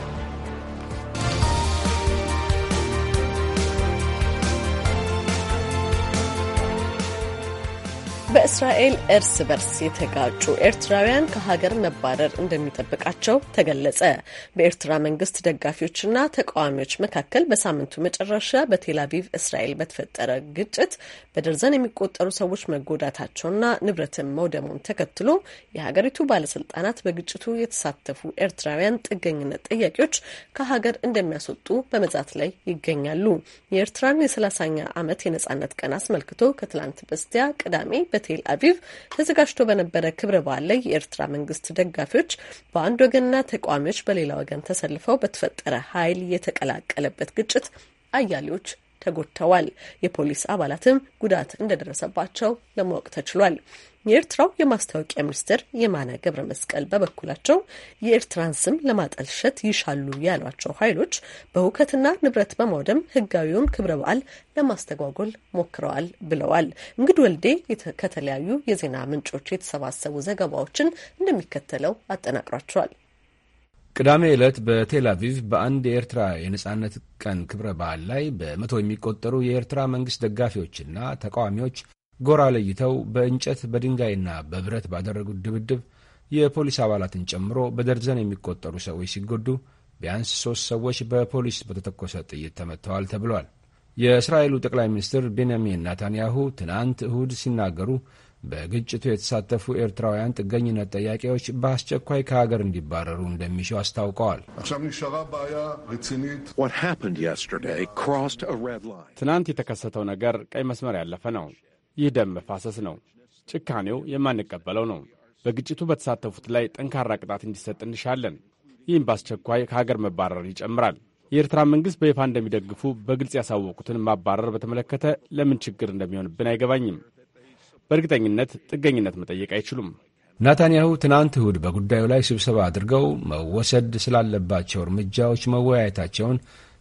በእስራኤል እርስ በርስ የተጋጩ ኤርትራውያን ከሀገር መባረር እንደሚጠብቃቸው ተገለጸ። በኤርትራ መንግስት ደጋፊዎችና ተቃዋሚዎች መካከል በሳምንቱ መጨረሻ በቴላቪቭ እስራኤል በተፈጠረ ግጭት በደርዘን የሚቆጠሩ ሰዎች መጎዳታቸውና ንብረትን መውደሙን ተከትሎ የሀገሪቱ ባለስልጣናት በግጭቱ የተሳተፉ ኤርትራውያን ጥገኝነት ጥያቄዎች ከሀገር እንደሚያስወጡ በመዛት ላይ ይገኛሉ። የኤርትራን የሰላሳኛ ዓመት የነጻነት ቀን አስመልክቶ ከትላንት በስቲያ ቅዳሜ በቴል አቪቭ ተዘጋጅቶ በነበረ ክብረ በዓል ላይ የኤርትራ መንግስት ደጋፊዎች በአንድ ወገንና ተቃዋሚዎች በሌላ ወገን ተሰልፈው በተፈጠረ ኃይል የተቀላቀለበት ግጭት አያሌዎች ተጎድተዋል። የፖሊስ አባላትም ጉዳት እንደደረሰባቸው ለማወቅ ተችሏል። የኤርትራው የማስታወቂያ ሚኒስትር የማነ ገብረ መስቀል በበኩላቸው የኤርትራን ስም ለማጠልሸት ይሻሉ ያሏቸው ኃይሎች በሁከትና ንብረት በማውደም ሕጋዊውን ክብረ በዓል ለማስተጓጎል ሞክረዋል ብለዋል። እንግድ ወልዴ ከተለያዩ የዜና ምንጮች የተሰባሰቡ ዘገባዎችን እንደሚከተለው አጠናቅሯቸዋል። ቅዳሜ ዕለት በቴል አቪቭ በአንድ የኤርትራ የነጻነት ቀን ክብረ በዓል ላይ በመቶ የሚቆጠሩ የኤርትራ መንግሥት ደጋፊዎችና ተቃዋሚዎች ጎራ ለይተው በእንጨት በድንጋይና በብረት ባደረጉት ድብድብ የፖሊስ አባላትን ጨምሮ በደርዘን የሚቆጠሩ ሰዎች ሲጎዱ ቢያንስ ሦስት ሰዎች በፖሊስ በተተኮሰ ጥይት ተመትተዋል ተብሏል። የእስራኤሉ ጠቅላይ ሚኒስትር ቤንያሚን ናታንያሁ ትናንት እሁድ ሲናገሩ በግጭቱ የተሳተፉ ኤርትራውያን ጥገኝነት ጠያቄዎች በአስቸኳይ ከሀገር እንዲባረሩ እንደሚሹ አስታውቀዋል። ትናንት የተከሰተው ነገር ቀይ መስመር ያለፈ ነው። ይህ ደም መፋሰስ ነው። ጭካኔው የማንቀበለው ነው። በግጭቱ በተሳተፉት ላይ ጠንካራ ቅጣት እንዲሰጥ እንሻለን። ይህም በአስቸኳይ ከሀገር መባረር ይጨምራል። የኤርትራ መንግሥት በይፋ እንደሚደግፉ በግልጽ ያሳወቁትን ማባረር በተመለከተ ለምን ችግር እንደሚሆንብን አይገባኝም። በእርግጠኝነት ጥገኝነት መጠየቅ አይችሉም። ናታንያሁ ትናንት እሁድ በጉዳዩ ላይ ስብሰባ አድርገው መወሰድ ስላለባቸው እርምጃዎች መወያየታቸውን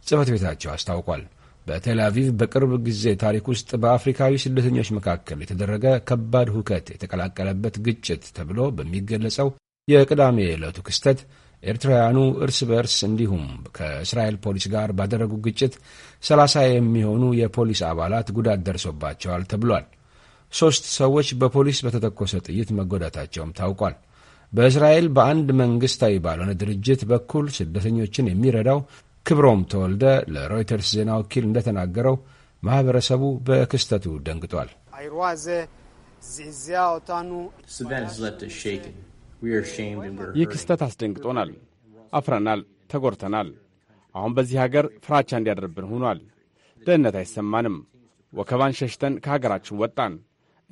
ጽህፈት ቤታቸው አስታውቋል። በቴል አቪቭ በቅርብ ጊዜ ታሪክ ውስጥ በአፍሪካዊ ስደተኞች መካከል የተደረገ ከባድ ሁከት የተቀላቀለበት ግጭት ተብሎ በሚገለጸው የቅዳሜ ዕለቱ ክስተት ኤርትራውያኑ እርስ በእርስ እንዲሁም ከእስራኤል ፖሊስ ጋር ባደረጉ ግጭት ሰላሳ የሚሆኑ የፖሊስ አባላት ጉዳት ደርሶባቸዋል ተብሏል። ሦስት ሰዎች በፖሊስ በተተኮሰ ጥይት መጎዳታቸውም ታውቋል። በእስራኤል በአንድ መንግሥታዊ ባልሆነ ድርጅት በኩል ስደተኞችን የሚረዳው ክብሮም ተወልደ ለሮይተርስ ዜና ወኪል እንደተናገረው ማኅበረሰቡ በክስተቱ ደንግጧል። ይህ ክስተት አስደንግጦናል። አፍረናል፣ ተጎድተናል። አሁን በዚህ ሀገር ፍራቻ እንዲያደርብን ሆኗል። ደህንነት አይሰማንም። ወከባን ሸሽተን ከሀገራችን ወጣን።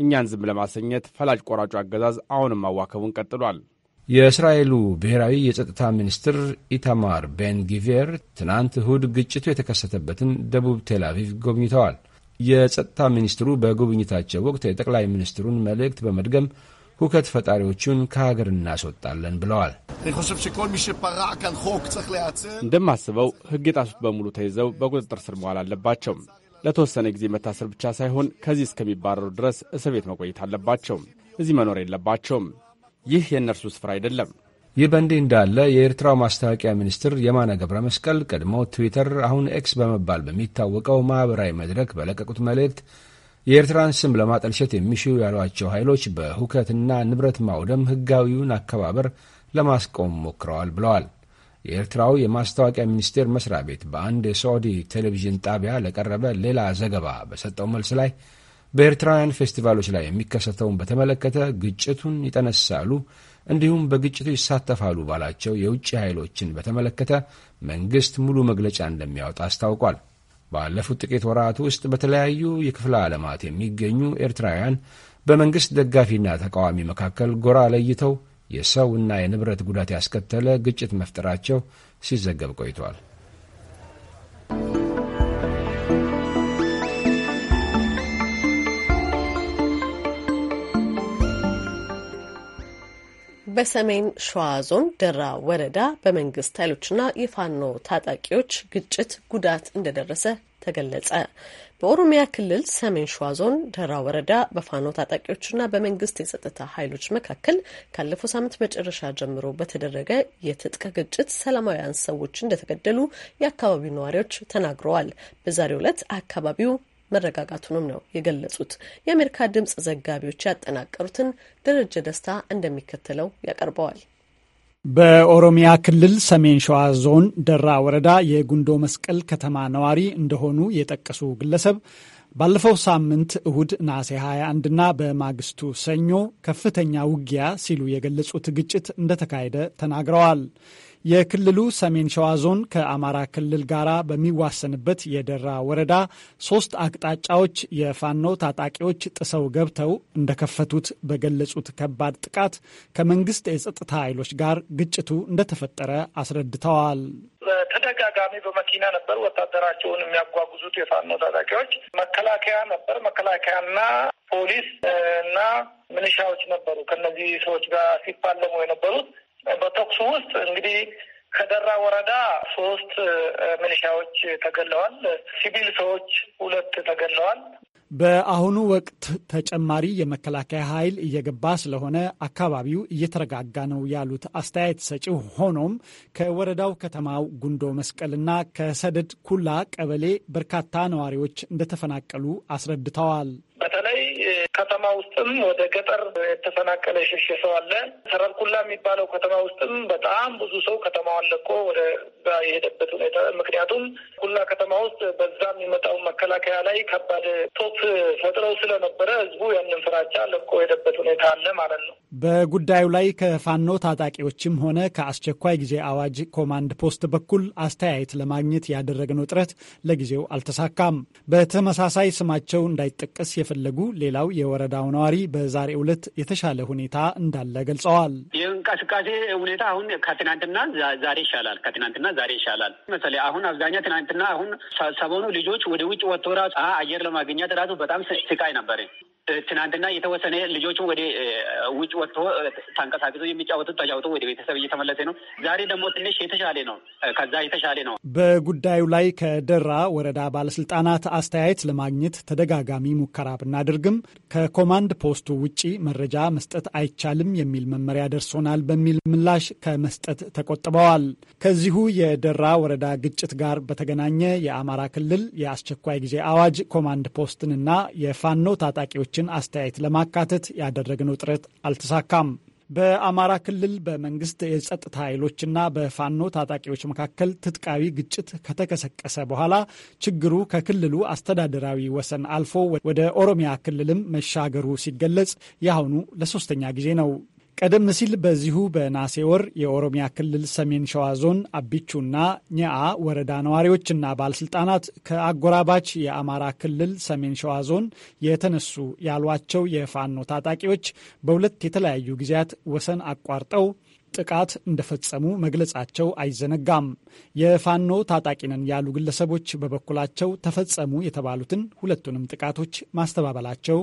እኛን ዝም ለማሰኘት ፈላጭ ቆራጩ አገዛዝ አሁንም ማዋከቡን ቀጥሏል። የእስራኤሉ ብሔራዊ የጸጥታ ሚኒስትር ኢታማር ቤን ጊቬር ትናንት እሁድ ግጭቱ የተከሰተበትን ደቡብ ቴል አቪቭ ጎብኝተዋል። የጸጥታ ሚኒስትሩ በጉብኝታቸው ወቅት የጠቅላይ ሚኒስትሩን መልእክት በመድገም ሁከት ፈጣሪዎቹን ከሀገር እናስወጣለን ብለዋል። እንደማስበው ሕግ የጣሱት በሙሉ ተይዘው በቁጥጥር ስር መዋል አለባቸው። ለተወሰነ ጊዜ መታሰር ብቻ ሳይሆን ከዚህ እስከሚባረሩ ድረስ እስር ቤት መቆየት አለባቸው። እዚህ መኖር የለባቸውም። ይህ የእነርሱ ስፍራ አይደለም። ይህ በእንዲህ እንዳለ የኤርትራው ማስታወቂያ ሚኒስትር የማነ ገብረ መስቀል ቀድሞ ትዊተር አሁን ኤክስ በመባል በሚታወቀው ማኅበራዊ መድረክ በለቀቁት መልእክት የኤርትራን ስም ለማጠልሸት የሚሹ ያሏቸው ኃይሎች በሁከትና ንብረት ማውደም ሕጋዊውን አከባበር ለማስቆም ሞክረዋል ብለዋል። የኤርትራው የማስታወቂያ ሚኒስቴር መስሪያ ቤት በአንድ የሳዑዲ ቴሌቪዥን ጣቢያ ለቀረበ ሌላ ዘገባ በሰጠው መልስ ላይ በኤርትራውያን ፌስቲቫሎች ላይ የሚከሰተውን በተመለከተ ግጭቱን ይጠነሳሉ እንዲሁም በግጭቱ ይሳተፋሉ ባላቸው የውጭ ኃይሎችን በተመለከተ መንግሥት ሙሉ መግለጫ እንደሚያወጣ አስታውቋል። ባለፉት ጥቂት ወራት ውስጥ በተለያዩ የክፍለ ዓለማት የሚገኙ ኤርትራውያን በመንግሥት ደጋፊና ተቃዋሚ መካከል ጎራ ለይተው የሰውና የንብረት ጉዳት ያስከተለ ግጭት መፍጠራቸው ሲዘገብ ቆይቷል። በሰሜን ሸዋ ዞን ደራ ወረዳ በመንግስት ኃይሎችና የፋኖ ታጣቂዎች ግጭት ጉዳት እንደደረሰ ተገለጸ። በኦሮሚያ ክልል ሰሜን ሸዋ ዞን ደራ ወረዳ በፋኖ ታጣቂዎችና በመንግስት የጸጥታ ኃይሎች መካከል ካለፈው ሳምንት መጨረሻ ጀምሮ በተደረገ የትጥቅ ግጭት ሰላማውያን ሰዎች እንደተገደሉ የአካባቢው ነዋሪዎች ተናግረዋል። በዛሬው ዕለት አካባቢው መረጋጋቱንም ነው የገለጹት። የአሜሪካ ድምጽ ዘጋቢዎች ያጠናቀሩትን ደረጀ ደስታ እንደሚከተለው ያቀርበዋል። በኦሮሚያ ክልል ሰሜን ሸዋ ዞን ደራ ወረዳ የጉንዶ መስቀል ከተማ ነዋሪ እንደሆኑ የጠቀሱ ግለሰብ ባለፈው ሳምንት እሁድ ነሐሴ 21ና በማግስቱ ሰኞ ከፍተኛ ውጊያ ሲሉ የገለጹት ግጭት እንደተካሄደ ተናግረዋል። የክልሉ ሰሜን ሸዋ ዞን ከአማራ ክልል ጋር በሚዋሰንበት የደራ ወረዳ ሶስት አቅጣጫዎች የፋኖ ታጣቂዎች ጥሰው ገብተው እንደከፈቱት በገለጹት ከባድ ጥቃት ከመንግስት የጸጥታ ኃይሎች ጋር ግጭቱ እንደተፈጠረ አስረድተዋል። በተደጋጋሚ በመኪና ነበር ወታደራቸውን የሚያጓጉዙት የፋኖ ታጣቂዎች። መከላከያ ነበር። መከላከያና ፖሊስ እና ምንሻዎች ነበሩ ከነዚህ ሰዎች ጋር ሲፋለሙ የነበሩት በተኩሱ ውስጥ እንግዲህ ከደራ ወረዳ ሶስት ሚሊሻዎች ተገለዋል። ሲቪል ሰዎች ሁለት ተገለዋል። በአሁኑ ወቅት ተጨማሪ የመከላከያ ኃይል እየገባ ስለሆነ አካባቢው እየተረጋጋ ነው ያሉት አስተያየት ሰጪ፣ ሆኖም ከወረዳው ከተማው ጉንዶ መስቀልና ከሰደድ ኩላ ቀበሌ በርካታ ነዋሪዎች እንደተፈናቀሉ አስረድተዋል። በተለይ ከተማ ውስጥም ወደ ገጠር የተፈናቀለ የሸሸ ሰው አለ። ተረብኩላ የሚባለው ከተማ ውስጥም በጣም ብዙ ሰው ከተማዋን ለቆ ወደ የሄደበት ሁኔታ ምክንያቱም ኩላ ከተማ ውስጥ በዛ የሚመጣውን መከላከያ ላይ ከባድ ቶፕ ፈጥረው ስለነበረ ህዝቡ ያንን ፍራቻ ለቆ የሄደበት ሁኔታ አለ ማለት ነው። በጉዳዩ ላይ ከፋኖ ታጣቂዎችም ሆነ ከአስቸኳይ ጊዜ አዋጅ ኮማንድ ፖስት በኩል አስተያየት ለማግኘት ያደረግነው ጥረት ለጊዜው አልተሳካም። በተመሳሳይ ስማቸው እንዳይጠቀስ የፈለጉ ሌላው የወረዳው ነዋሪ በዛሬ ዕለት የተሻለ ሁኔታ እንዳለ ገልጸዋል። የእንቅስቃሴ ሁኔታ አሁን ከትናንትና ዛሬ ይሻላል። ከትናንትና ዛሬ ይሻላል መሰለኝ። አሁን አብዛኛ ትናንትና አሁን ሰሞኑ ልጆች ወደ ውጭ ወጥቶ ራሱ አየር ለማግኘት ራሱ በጣም ስቃይ ነበር። ትናንትና የተወሰነ ልጆቹ ወደ ውጭ ወጥቶ ተንቀሳቅሶ የሚጫወቱ ተጫውቶ ወደ ቤተሰብ እየተመለሰ ነው። ዛሬ ደግሞ ትንሽ የተሻለ ነው፣ ከዛ የተሻለ ነው። በጉዳዩ ላይ ከደራ ወረዳ ባለስልጣናት አስተያየት ለማግኘት ተደጋጋሚ ሙከራ ብናደርግም ከኮማንድ ፖስቱ ውጪ መረጃ መስጠት አይቻልም የሚል መመሪያ ደርሶናል በሚል ምላሽ ከመስጠት ተቆጥበዋል። ከዚሁ የደራ ወረዳ ግጭት ጋር በተገናኘ የአማራ ክልል የአስቸኳይ ጊዜ አዋጅ ኮማንድ ፖስትንና የፋኖ ታጣቂዎች የዜጎችን አስተያየት ለማካተት ያደረግነው ጥረት አልተሳካም። በአማራ ክልል በመንግስት የጸጥታ ኃይሎችና በፋኖ ታጣቂዎች መካከል ትጥቃዊ ግጭት ከተቀሰቀሰ በኋላ ችግሩ ከክልሉ አስተዳደራዊ ወሰን አልፎ ወደ ኦሮሚያ ክልልም መሻገሩ ሲገለጽ የአሁኑ ለሶስተኛ ጊዜ ነው። ቀደም ሲል በዚሁ በናሴ ወር የኦሮሚያ ክልል ሰሜን ሸዋ ዞን አቢቹና ኛአ ወረዳ ነዋሪዎችና ባለስልጣናት ከአጎራባች የአማራ ክልል ሰሜን ሸዋ ዞን የተነሱ ያሏቸው የፋኖ ታጣቂዎች በሁለት የተለያዩ ጊዜያት ወሰን አቋርጠው ጥቃት እንደፈጸሙ መግለጻቸው አይዘነጋም። የፋኖ ታጣቂ ነን ያሉ ግለሰቦች በበኩላቸው ተፈጸሙ የተባሉትን ሁለቱንም ጥቃቶች ማስተባበላቸው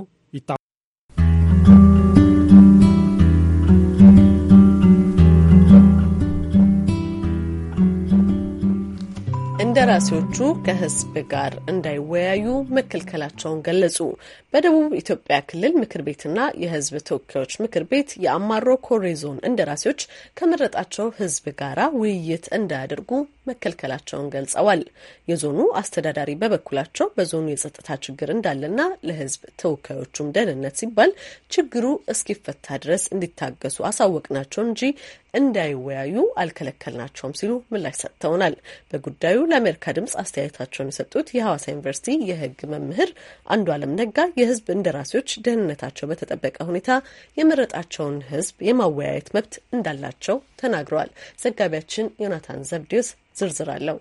እንደራሴዎቹ ከህዝብ ጋር እንዳይወያዩ መከልከላቸውን ገለጹ። በደቡብ ኢትዮጵያ ክልል ምክር ቤትና የህዝብ ተወካዮች ምክር ቤት የአማሮ ኮሬ ዞን እንደራሴዎች ከመረጣቸው ህዝብ ጋራ ውይይት እንዳያደርጉ መከልከላቸውን ገልጸዋል። የዞኑ አስተዳዳሪ በበኩላቸው በዞኑ የጸጥታ ችግር እንዳለና ለሕዝብ ተወካዮቹም ደህንነት ሲባል ችግሩ እስኪፈታ ድረስ እንዲታገሱ አሳወቅናቸው እንጂ እንዳይወያዩ አልከለከልናቸውም ሲሉ ምላሽ ሰጥተውናል። በጉዳዩ ለአሜሪካ ድምጽ አስተያየታቸውን የሰጡት የሐዋሳ ዩኒቨርሲቲ የህግ መምህር አንዱ አለም ነጋ እንደ እንደራሴዎች ደህንነታቸው በተጠበቀ ሁኔታ የመረጣቸውን ህዝብ የማወያየት መብት እንዳላቸው ተናግረዋል። ዘጋቢያችን ዮናታን ዘብዴዎስ ዝርዝር አለው።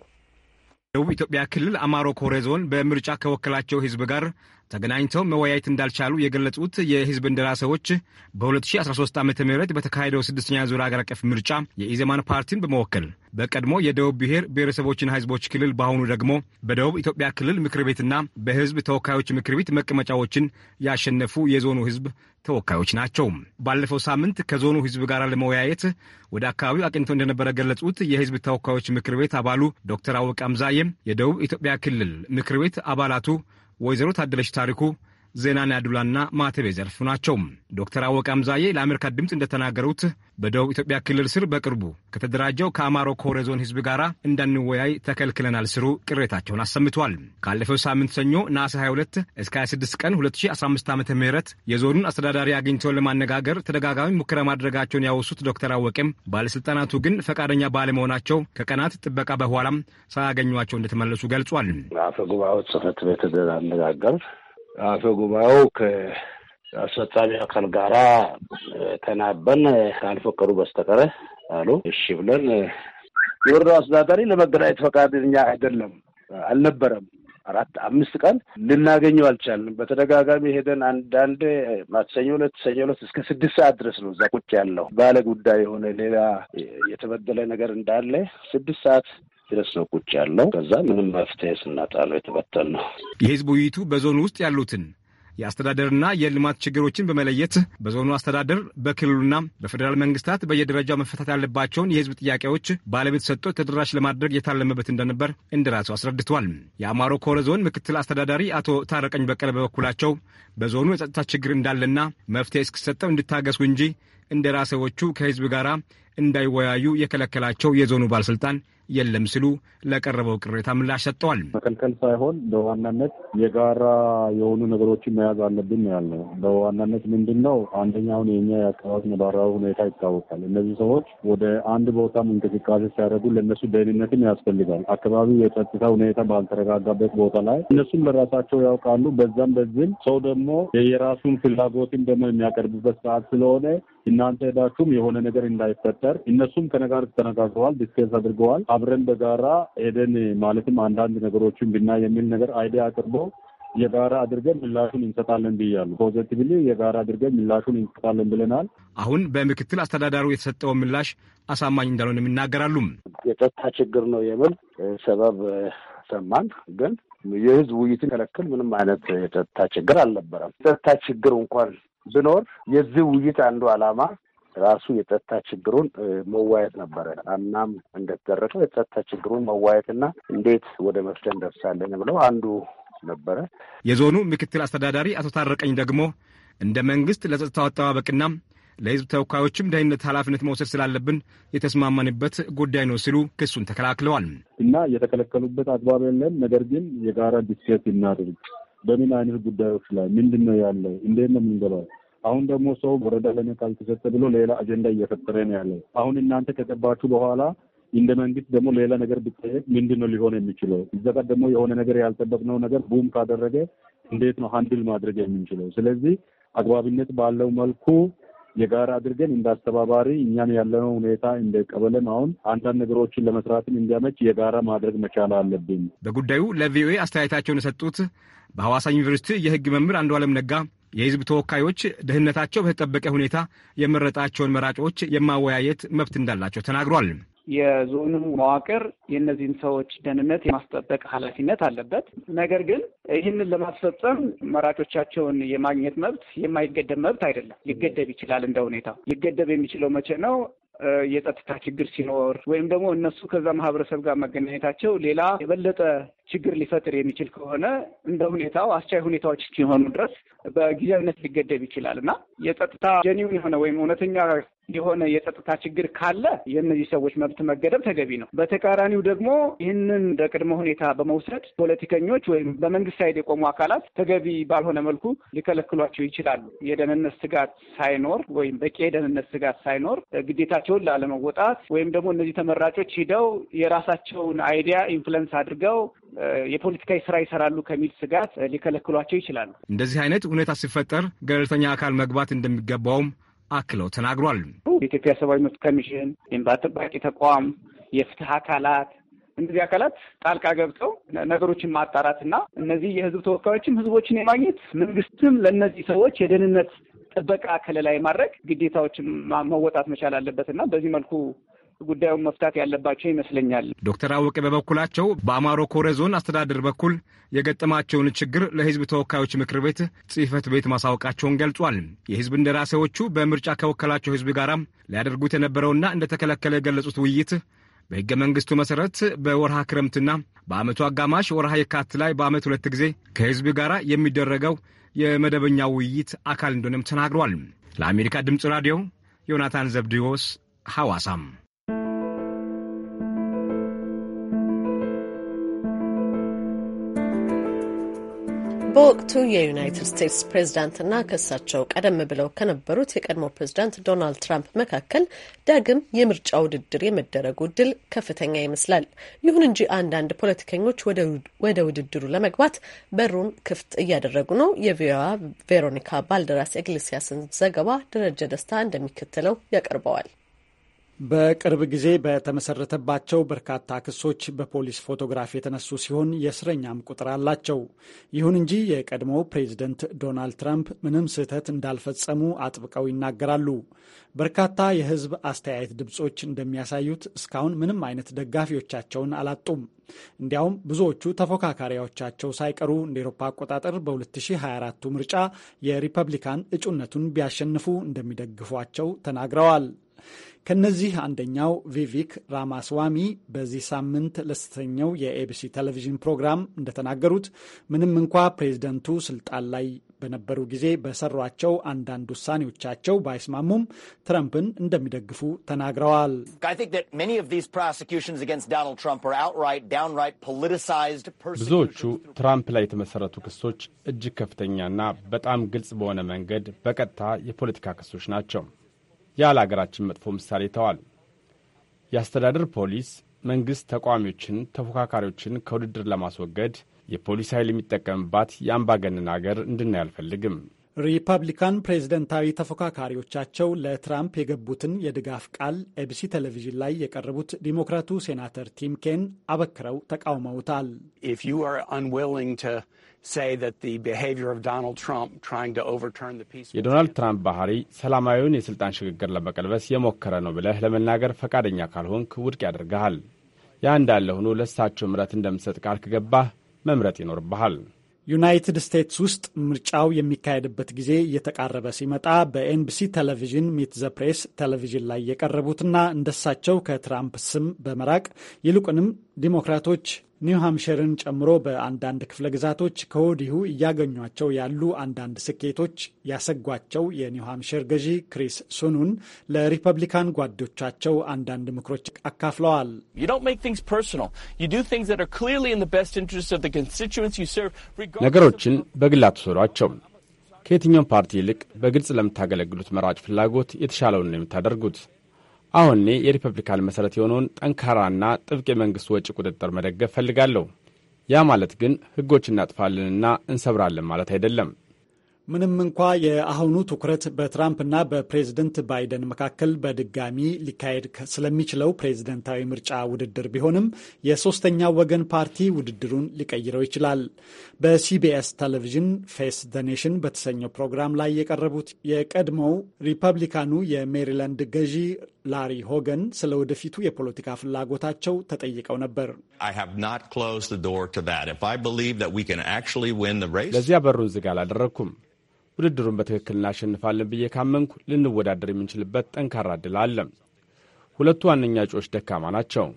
ደቡብ ኢትዮጵያ ክልል አማሮ ኮሬ ዞን በምርጫ ከወከላቸው ህዝብ ጋር ተገናኝተው መወያየት እንዳልቻሉ የገለጹት የህዝብ እንደራሴዎች በ2013 ዓ ም በተካሄደው ስድስተኛ ዙር አገር አቀፍ ምርጫ የኢዜማን ፓርቲን በመወከል በቀድሞ የደቡብ ብሔር ብሔረሰቦችና ህዝቦች ክልል በአሁኑ ደግሞ በደቡብ ኢትዮጵያ ክልል ምክር ቤትና በህዝብ ተወካዮች ምክር ቤት መቀመጫዎችን ያሸነፉ የዞኑ ህዝብ ተወካዮች ናቸው። ባለፈው ሳምንት ከዞኑ ህዝብ ጋር ለመወያየት ወደ አካባቢው አቅንተው እንደነበረ ገለጹት። የህዝብ ተወካዮች ምክር ቤት አባሉ ዶክተር አወቅ አምዛዬም የደቡብ ኢትዮጵያ ክልል ምክር ቤት አባላቱ ወይዘሮ ታደለች ታሪኩ ዜናን ያዱላና ማተቤ የዘርፉ ናቸው። ዶክተር አወቀ አምዛዬ ለአሜሪካ ድምፅ እንደተናገሩት በደቡብ ኢትዮጵያ ክልል ስር በቅርቡ ከተደራጀው ከአማሮ ኮሬ ዞን ህዝብ ጋር እንዳንወያይ ተከልክለናል ስሩ ቅሬታቸውን አሰምተዋል። ካለፈው ሳምንት ሰኞ ነሐሴ 22 እስከ 26 ቀን 2015 ዓ ም የዞኑን አስተዳዳሪ አግኝተው ለማነጋገር ተደጋጋሚ ሙከራ ማድረጋቸውን ያወሱት ዶክተር አወቀም ባለሥልጣናቱ ግን ፈቃደኛ ባለመሆናቸው ከቀናት ጥበቃ በኋላም ሳያገኟቸው እንደተመለሱ ገልጿል። አፈጉባኤው ጽህፈት ቤት አነጋገር አፈ ጉባኤው ከአስፈጻሚ አካል ጋራ ተናበን ካልፈቀዱ በስተቀረ አሉ። እሺ ብለን የወረዳው አስተዳዳሪ ለመገናኘት ፈቃደኛ አይደለም አልነበረም። አራት አምስት ቀን ልናገኘው አልቻልንም። በተደጋጋሚ ሄደን አንዳንድ ማክሰኞ ዕለት ሰኞ ዕለት እስከ ስድስት ሰዓት ድረስ ነው እዛ ቁጭ ያለው ባለ ጉዳይ የሆነ ሌላ የተበደለ ነገር እንዳለ ስድስት ሰዓት ድረስ ነው ቁጭ ያለው። ከዛ ምንም መፍትሄ ስናጣ ነው የተበተን ነው። የህዝብ ውይይቱ በዞኑ ውስጥ ያሉትን የአስተዳደርና የልማት ችግሮችን በመለየት በዞኑ አስተዳደር በክልሉና በፌዴራል መንግስታት በየደረጃው መፈታት ያለባቸውን የህዝብ ጥያቄዎች ባለቤት ሰጥቶ ተደራሽ ለማድረግ የታለመበት እንደነበር እንደራሱ አስረድቷል። የአማሮ ኮረ ዞን ምክትል አስተዳዳሪ አቶ ታረቀኝ በቀለ በበኩላቸው በዞኑ የጸጥታ ችግር እንዳለና መፍትሄ እስክሰጠው እንድታገሱ እንጂ እንደራሴዎቹ ከህዝብ ጋር እንዳይወያዩ የከለከላቸው የዞኑ ባለስልጣን የለም ሲሉ ለቀረበው ቅሬታ ምላሽ ሰጥተዋል። መከልከል ሳይሆን በዋናነት የጋራ የሆኑ ነገሮችን መያዝ አለብን ነው ያልነው። በዋናነት ምንድን ነው አንደኛውን የኛ የአካባቢ ነባራዊ ሁኔታ ይታወቃል። እነዚህ ሰዎች ወደ አንድ ቦታም እንቅስቃሴ ሲያደርጉ ለእነሱ ደህንነትም ያስፈልጋል። አካባቢው የጸጥታ ሁኔታ ባልተረጋጋበት ቦታ ላይ እነሱም በራሳቸው ያውቃሉ። በዛም በዚህም ሰው ደግሞ የራሱን ፍላጎትን ደግሞ የሚያቀርቡበት ሰዓት ስለሆነ እናንተ ሄዳችሁም የሆነ ነገር እንዳይፈጠር ሚኒስተር እነሱም ተነጋር ተነጋግረዋል፣ ዲስከስ አድርገዋል። አብረን በጋራ ሄደን ማለትም አንዳንድ ነገሮችን ብናይ የሚል ነገር አይዲያ አቅርቦ የጋራ አድርገን ምላሹን እንሰጣለን ብያሉ። ፖዘቲቭሊ የጋራ አድርገን ምላሹን እንሰጣለን ብለናል። አሁን በምክትል አስተዳዳሩ የተሰጠውን ምላሽ አሳማኝ እንዳልሆነም ይናገራሉ። የጸጥታ ችግር ነው የሚል ሰበብ ሰማን ግን የህዝብ ውይይትን ከለክል ምንም አይነት የጸጥታ ችግር አልነበረም። የጸጥታ ችግር እንኳን ብኖር የዚህ ውይይት አንዱ ዓላማ ራሱ የጸጥታ ችግሩን መዋየት ነበረ። አምናም እንደተደረገው የጸጥታ ችግሩን መዋየትና እንዴት ወደ መፍትሄ እንደርሳለን ብለው አንዱ ነበረ። የዞኑ ምክትል አስተዳዳሪ አቶ ታረቀኝ ደግሞ እንደ መንግስት ለጸጥታው አጠባበቅና ለህዝብ ተወካዮችም ደህንነት ኃላፊነት መውሰድ ስላለብን የተስማማንበት ጉዳይ ነው ሲሉ ክሱን ተከላክለዋል። እና የተከለከሉበት አግባብ የለም። ነገር ግን የጋራ ዲስከስ እናድርግ። በምን አይነት ጉዳዮች ላይ ምንድን ነው ያለው? እንዴት ነው የምንገባው? አሁን ደግሞ ሰው ወረዳ ለእኔ ካልተሰጠ ብሎ ሌላ አጀንዳ እየፈጠረ ነው ያለው። አሁን እናንተ ከገባችሁ በኋላ እንደ መንግስት ደግሞ ሌላ ነገር ቢጠየቅ ምንድን ነው ሊሆን የሚችለው? እዛ ጋር ደግሞ የሆነ ነገር ያልጠበቅነው ነገር ቡም ካደረገ እንዴት ነው ሀንድል ማድረግ የምንችለው? ስለዚህ አግባብነት ባለው መልኩ የጋራ አድርገን እንደ አስተባባሪ እኛም ያለነው ሁኔታ እንደ ቀበለም አሁን አንዳንድ ነገሮችን ለመስራትን እንዲያመች የጋራ ማድረግ መቻል አለብን። በጉዳዩ ለቪኦኤ አስተያየታቸውን የሰጡት በሐዋሳ ዩኒቨርሲቲ የህግ መምህር አንዱ አለም ነጋ የህዝብ ተወካዮች ደህንነታቸው በተጠበቀ ሁኔታ የመረጣቸውን መራጮች የማወያየት መብት እንዳላቸው ተናግሯል። የዞኑ መዋቅር የእነዚህን ሰዎች ደህንነት የማስጠበቅ ኃላፊነት አለበት። ነገር ግን ይህንን ለማስፈጸም መራጮቻቸውን የማግኘት መብት የማይገደብ መብት አይደለም። ሊገደብ ይችላል፣ እንደ ሁኔታው ሊገደብ የሚችለው መቼ ነው? የጸጥታ ችግር ሲኖር ወይም ደግሞ እነሱ ከዛ ማህበረሰብ ጋር መገናኘታቸው ሌላ የበለጠ ችግር ሊፈጥር የሚችል ከሆነ እንደ ሁኔታው አስቻይ ሁኔታዎች እስኪሆኑ ድረስ በጊዜያዊነት ሊገደብ ይችላል እና የጸጥታ ጀኒውን የሆነ ወይም እውነተኛ የሆነ የጸጥታ ችግር ካለ የእነዚህ ሰዎች መብት መገደብ ተገቢ ነው። በተቃራኒው ደግሞ ይህንን በቅድመ ሁኔታ በመውሰድ ፖለቲከኞች ወይም በመንግስት ሳይድ የቆሙ አካላት ተገቢ ባልሆነ መልኩ ሊከለክሏቸው ይችላሉ። የደህንነት ስጋት ሳይኖር ወይም በቂ የደህንነት ስጋት ሳይኖር ግዴታቸውን ላለመወጣት ወይም ደግሞ እነዚህ ተመራጮች ሂደው የራሳቸውን አይዲያ ኢንፍሉዌንስ አድርገው የፖለቲካዊ ስራ ይሰራሉ ከሚል ስጋት ሊከለክሏቸው ይችላሉ። እንደዚህ አይነት ሁኔታ ሲፈጠር ገለልተኛ አካል መግባት እንደሚገባውም አክለው ተናግሯል። የኢትዮጵያ ሰብአዊ መብት ኮሚሽን፣ የእንባ ጠባቂ ተቋም፣ የፍትህ አካላት እነዚህ አካላት ጣልቃ ገብተው ነገሮችን ማጣራትና እነዚህ የህዝብ ተወካዮችም ህዝቦችን የማግኘት መንግስትም ለእነዚህ ሰዎች የደህንነት ጥበቃ ከለላ ማድረግ ግዴታዎችን መወጣት መቻል አለበት እና በዚህ መልኩ ጉዳዩን መፍታት ያለባቸው ይመስለኛል። ዶክተር አወቀ በበኩላቸው በአማሮ ኮረ ዞን አስተዳደር በኩል የገጠማቸውን ችግር ለህዝብ ተወካዮች ምክር ቤት ጽህፈት ቤት ማሳወቃቸውን ገልጿል። የህዝብ እንደራሴዎቹ በምርጫ ከወከላቸው ህዝብ ጋር ሊያደርጉት የነበረውና እንደተከለከለ የገለጹት ውይይት በህገ መንግስቱ መሰረት በወርሃ ክረምትና በአመቱ አጋማሽ ወርሃ የካት ላይ በአመት ሁለት ጊዜ ከህዝብ ጋር የሚደረገው የመደበኛ ውይይት አካል እንደሆነም ተናግሯል። ለአሜሪካ ድምፅ ራዲዮ ዮናታን ዘብድዮስ ሐዋሳም በወቅቱ የዩናይትድ ስቴትስ ና ከሳቸው ቀደም ብለው ከነበሩት የቀድሞ ፕሬዝዳንት ዶናልድ ትራምፕ መካከል ዳግም የምርጫ ውድድር የመደረጉ እድል ከፍተኛ ይመስላል። ይሁን እንጂ አንዳንድ ፖለቲከኞች ወደ ውድድሩ ለመግባት በሩን ክፍት እያደረጉ ነው። የቪዋ ቬሮኒካ ባልደራስ ኢግሌሲያስን ዘገባ ደረጀ ደስታ እንደሚከተለው ያቀርበዋል። በቅርብ ጊዜ በተመሰረተባቸው በርካታ ክሶች በፖሊስ ፎቶግራፍ የተነሱ ሲሆን የእስረኛም ቁጥር አላቸው። ይሁን እንጂ የቀድሞው ፕሬዚደንት ዶናልድ ትራምፕ ምንም ስህተት እንዳልፈጸሙ አጥብቀው ይናገራሉ። በርካታ የሕዝብ አስተያየት ድምፆች እንደሚያሳዩት እስካሁን ምንም አይነት ደጋፊዎቻቸውን አላጡም። እንዲያውም ብዙዎቹ ተፎካካሪዎቻቸው ሳይቀሩ እንደ ኤሮፓ አቆጣጠር በ2024 ምርጫ የሪፐብሊካን እጩነቱን ቢያሸንፉ እንደሚደግፏቸው ተናግረዋል። ከነዚህ አንደኛው ቪቪክ ራማስዋሚ በዚህ ሳምንት ለተሰኘው የኤቢሲ ቴሌቪዥን ፕሮግራም እንደተናገሩት ምንም እንኳ ፕሬዚደንቱ ስልጣን ላይ በነበሩ ጊዜ በሰሯቸው አንዳንድ ውሳኔዎቻቸው ባይስማሙም ትረምፕን እንደሚደግፉ ተናግረዋል። ብዙዎቹ ትራምፕ ላይ የተመሠረቱ ክሶች እጅግ ከፍተኛና በጣም ግልጽ በሆነ መንገድ በቀጥታ የፖለቲካ ክሶች ናቸው። ያለ አገራችን መጥፎ ምሳሌ ተዋል የአስተዳደር ፖሊስ መንግሥት ተቃዋሚዎችን፣ ተፎካካሪዎችን ከውድድር ለማስወገድ የፖሊስ ኃይል የሚጠቀምባት የአምባገነን አገር እንድናይ አልፈልግም። ሪፐብሊካን ፕሬዝደንታዊ ተፎካካሪዎቻቸው ለትራምፕ የገቡትን የድጋፍ ቃል ኤቢሲ ቴሌቪዥን ላይ የቀረቡት ዲሞክራቱ ሴናተር ቲም ኬን አበክረው ተቃውመውታል። የዶናልድ ትራምፕ ባህሪ ሰላማዊውን የሥልጣን ሽግግር ለመቀልበስ የሞከረ ነው ብለህ ለመናገር ፈቃደኛ ካልሆንክ ውድቅ ያደርግሃል። ያ እንዳለ ሆኖ ለእሳቸው ምረት እንደምሰጥ ቃል ከገባህ መምረጥ ይኖርብሃል። ዩናይትድ ስቴትስ ውስጥ ምርጫው የሚካሄድበት ጊዜ እየተቃረበ ሲመጣ በኤንቢሲ ቴሌቪዥን ሚት ዘ ፕሬስ ቴሌቪዥን ላይ የቀረቡትና እንደሳቸው ከትራምፕ ስም በመራቅ ይልቁንም ዲሞክራቶች ኒው ሃምሽርን ጨምሮ በአንዳንድ ክፍለ ግዛቶች ከወዲሁ እያገኟቸው ያሉ አንዳንድ ስኬቶች ያሰጓቸው የኒው ሃምሽር ገዢ ክሪስ ሱኑን ለሪፐብሊካን ጓዶቻቸው አንዳንድ ምክሮች አካፍለዋል። ነገሮችን በግል አትውሰዷቸው። ከየትኛውም ፓርቲ ይልቅ በግልጽ ለምታገለግሉት መራጭ ፍላጎት የተሻለውን ነው የምታደርጉት። አሁን የሪፐብሊካን መሠረት የሆነውን ጠንካራና ጥብቅ የመንግሥት ወጪ ቁጥጥር መደገፍ ፈልጋለሁ። ያ ማለት ግን ሕጎች እናጥፋለንና እንሰብራለን ማለት አይደለም። ምንም እንኳ የአሁኑ ትኩረት በትራምፕና በፕሬዝደንት ባይደን መካከል በድጋሚ ሊካሄድ ስለሚችለው ፕሬዝደንታዊ ምርጫ ውድድር ቢሆንም የሶስተኛ ወገን ፓርቲ ውድድሩን ሊቀይረው ይችላል። በሲቢኤስ ቴሌቪዥን ፌስ ዘ ኔሽን በተሰኘው ፕሮግራም ላይ የቀረቡት የቀድሞው ሪፐብሊካኑ የሜሪላንድ ገዢ ላሪ ሆገን ስለ ወደፊቱ የፖለቲካ ፍላጎታቸው ተጠይቀው ነበር። ለዚያ በሩን ዝግ አላደረግኩም። ውድድሩን በትክክል እናሸንፋለን ብዬ ካመንኩ ልንወዳደር የምንችልበት ጠንካራ እድል አለ። ሁለቱ ዋነኛ እጩዎች ደካማ ናቸው።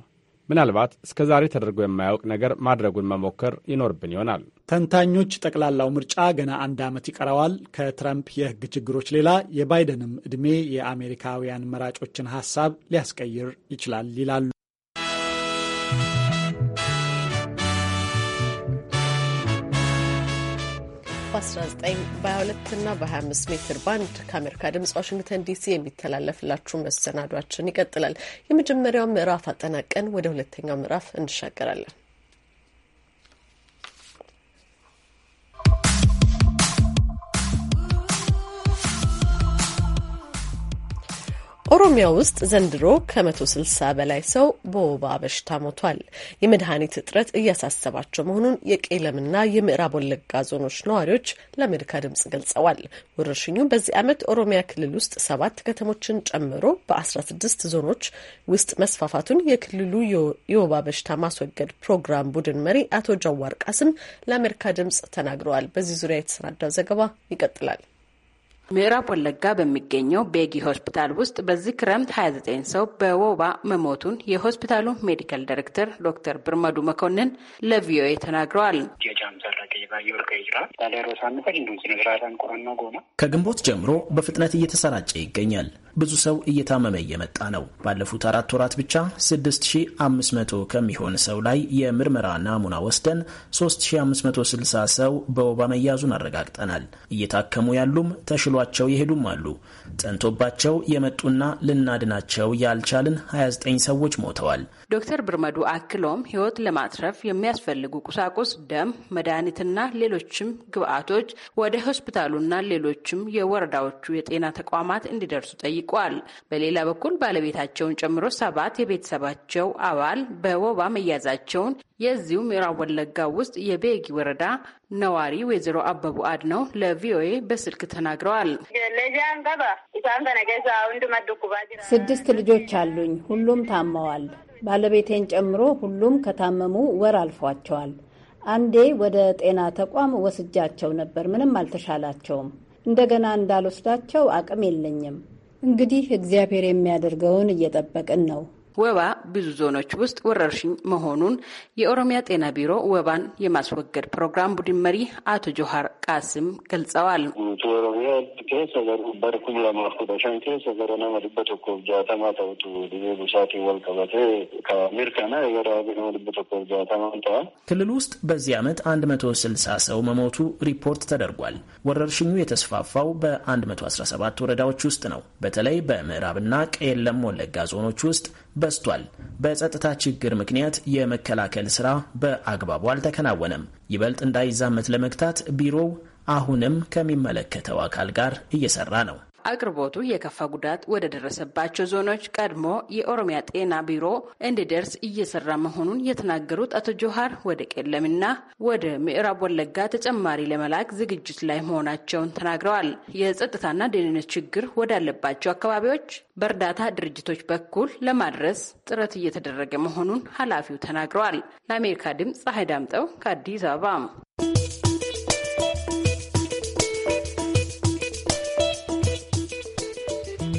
ምናልባት እስከ ዛሬ ተደርጎ የማያውቅ ነገር ማድረጉን መሞከር ይኖርብን ይሆናል። ተንታኞች ጠቅላላው ምርጫ ገና አንድ ዓመት ይቀረዋል። ከትራምፕ የሕግ ችግሮች ሌላ የባይደንም ዕድሜ የአሜሪካውያን መራጮችን ሀሳብ ሊያስቀይር ይችላል ይላሉ። በ19 በ22 እና በ25 ሜትር ባንድ ከአሜሪካ ድምጽ ዋሽንግተን ዲሲ የሚተላለፍላችሁ መሰናዷችን ይቀጥላል። የመጀመሪያው ምዕራፍ አጠናቀን ወደ ሁለተኛው ምዕራፍ እንሻገራለን። ኦሮሚያ ውስጥ ዘንድሮ ከ160 በላይ ሰው በወባ በሽታ ሞቷል። የመድኃኒት እጥረት እያሳሰባቸው መሆኑን የቄለምና የምዕራብ ወለጋ ዞኖች ነዋሪዎች ለአሜሪካ ድምጽ ገልጸዋል። ወረርሽኙ በዚህ ዓመት ኦሮሚያ ክልል ውስጥ ሰባት ከተሞችን ጨምሮ በ16 ዞኖች ውስጥ መስፋፋቱን የክልሉ የወባ በሽታ ማስወገድ ፕሮግራም ቡድን መሪ አቶ ጃዋር ቃስም ለአሜሪካ ድምጽ ተናግረዋል። በዚህ ዙሪያ የተሰናዳው ዘገባ ይቀጥላል። ምዕራብ ወለጋ በሚገኘው ቤጊ ሆስፒታል ውስጥ በዚህ ክረምት 29 ሰው በወባ መሞቱን የሆስፒታሉ ሜዲካል ዳይሬክተር ዶክተር ብርመዱ መኮንን ለቪኦኤ ተናግረዋል። ከግንቦት ጀምሮ በፍጥነት እየተሰራጨ ይገኛል። ብዙ ሰው እየታመመ እየመጣ ነው። ባለፉት አራት ወራት ብቻ 6500 ከሚሆን ሰው ላይ የምርመራ ናሙና ወስደን 3560 ሰው በወባ መያዙን አረጋግጠናል። እየታከሙ ያሉም ተሽሏቸው የሄዱም አሉ። ጠንቶባቸው የመጡና ልናድናቸው ያልቻልን 29 ሰዎች ሞተዋል። ዶክተር ብርመዱ አክሎም ህይወት ለማትረፍ የሚያስፈልጉ ቁሳቁስ ደም፣ መድኃኒትና ሌሎችም ግብአቶች ወደ ሆስፒታሉና ሌሎችም የወረዳዎቹ የጤና ተቋማት እንዲደርሱ ጠይቋል። በሌላ በኩል ባለቤታቸውን ጨምሮ ሰባት የቤተሰባቸው አባል በወባ መያዛቸውን የዚሁ ምዕራብ ወለጋ ውስጥ የቤጊ ወረዳ ነዋሪ ወይዘሮ አበቡ አድነው ለቪኦኤ በስልክ ተናግረዋል። ስድስት ልጆች አሉኝ። ሁሉም ታመዋል። ባለቤቴን ጨምሮ ሁሉም ከታመሙ ወር አልፏቸዋል። አንዴ ወደ ጤና ተቋም ወስጃቸው ነበር። ምንም አልተሻላቸውም። እንደገና እንዳልወስዳቸው አቅም የለኝም። እንግዲህ እግዚአብሔር የሚያደርገውን እየጠበቅን ነው። ወባ ብዙ ዞኖች ውስጥ ወረርሽኝ መሆኑን የኦሮሚያ ጤና ቢሮ ወባን የማስወገድ ፕሮግራም ቡድን መሪ አቶ ጆሃር ቃስም ገልጸዋል። ክልል ውስጥ በዚህ ዓመት 160 ሰው መሞቱ ሪፖርት ተደርጓል። ወረርሽኙ የተስፋፋው በ117 ወረዳዎች ውስጥ ነው። በተለይ በምዕራብና ቄለም ወለጋ ዞኖች ውስጥ በስቷል። በጸጥታ ችግር ምክንያት የመከላከል ስራ በአግባቡ አልተከናወነም። ይበልጥ እንዳይዛመት ለመግታት ቢሮው አሁንም ከሚመለከተው አካል ጋር እየሰራ ነው። አቅርቦቱ የከፋ ጉዳት ወደ ደረሰባቸው ዞኖች ቀድሞ የኦሮሚያ ጤና ቢሮ እንዲደርስ እየሰራ መሆኑን የተናገሩት አቶ ጆሀር ወደ ቄለምና ወደ ምዕራብ ወለጋ ተጨማሪ ለመላክ ዝግጅት ላይ መሆናቸውን ተናግረዋል። የጸጥታና ደህንነት ችግር ወዳለባቸው አካባቢዎች በእርዳታ ድርጅቶች በኩል ለማድረስ ጥረት እየተደረገ መሆኑን ኃላፊው ተናግረዋል። ለአሜሪካ ድምፅ ፀሐይ ዳምጠው ከአዲስ አበባ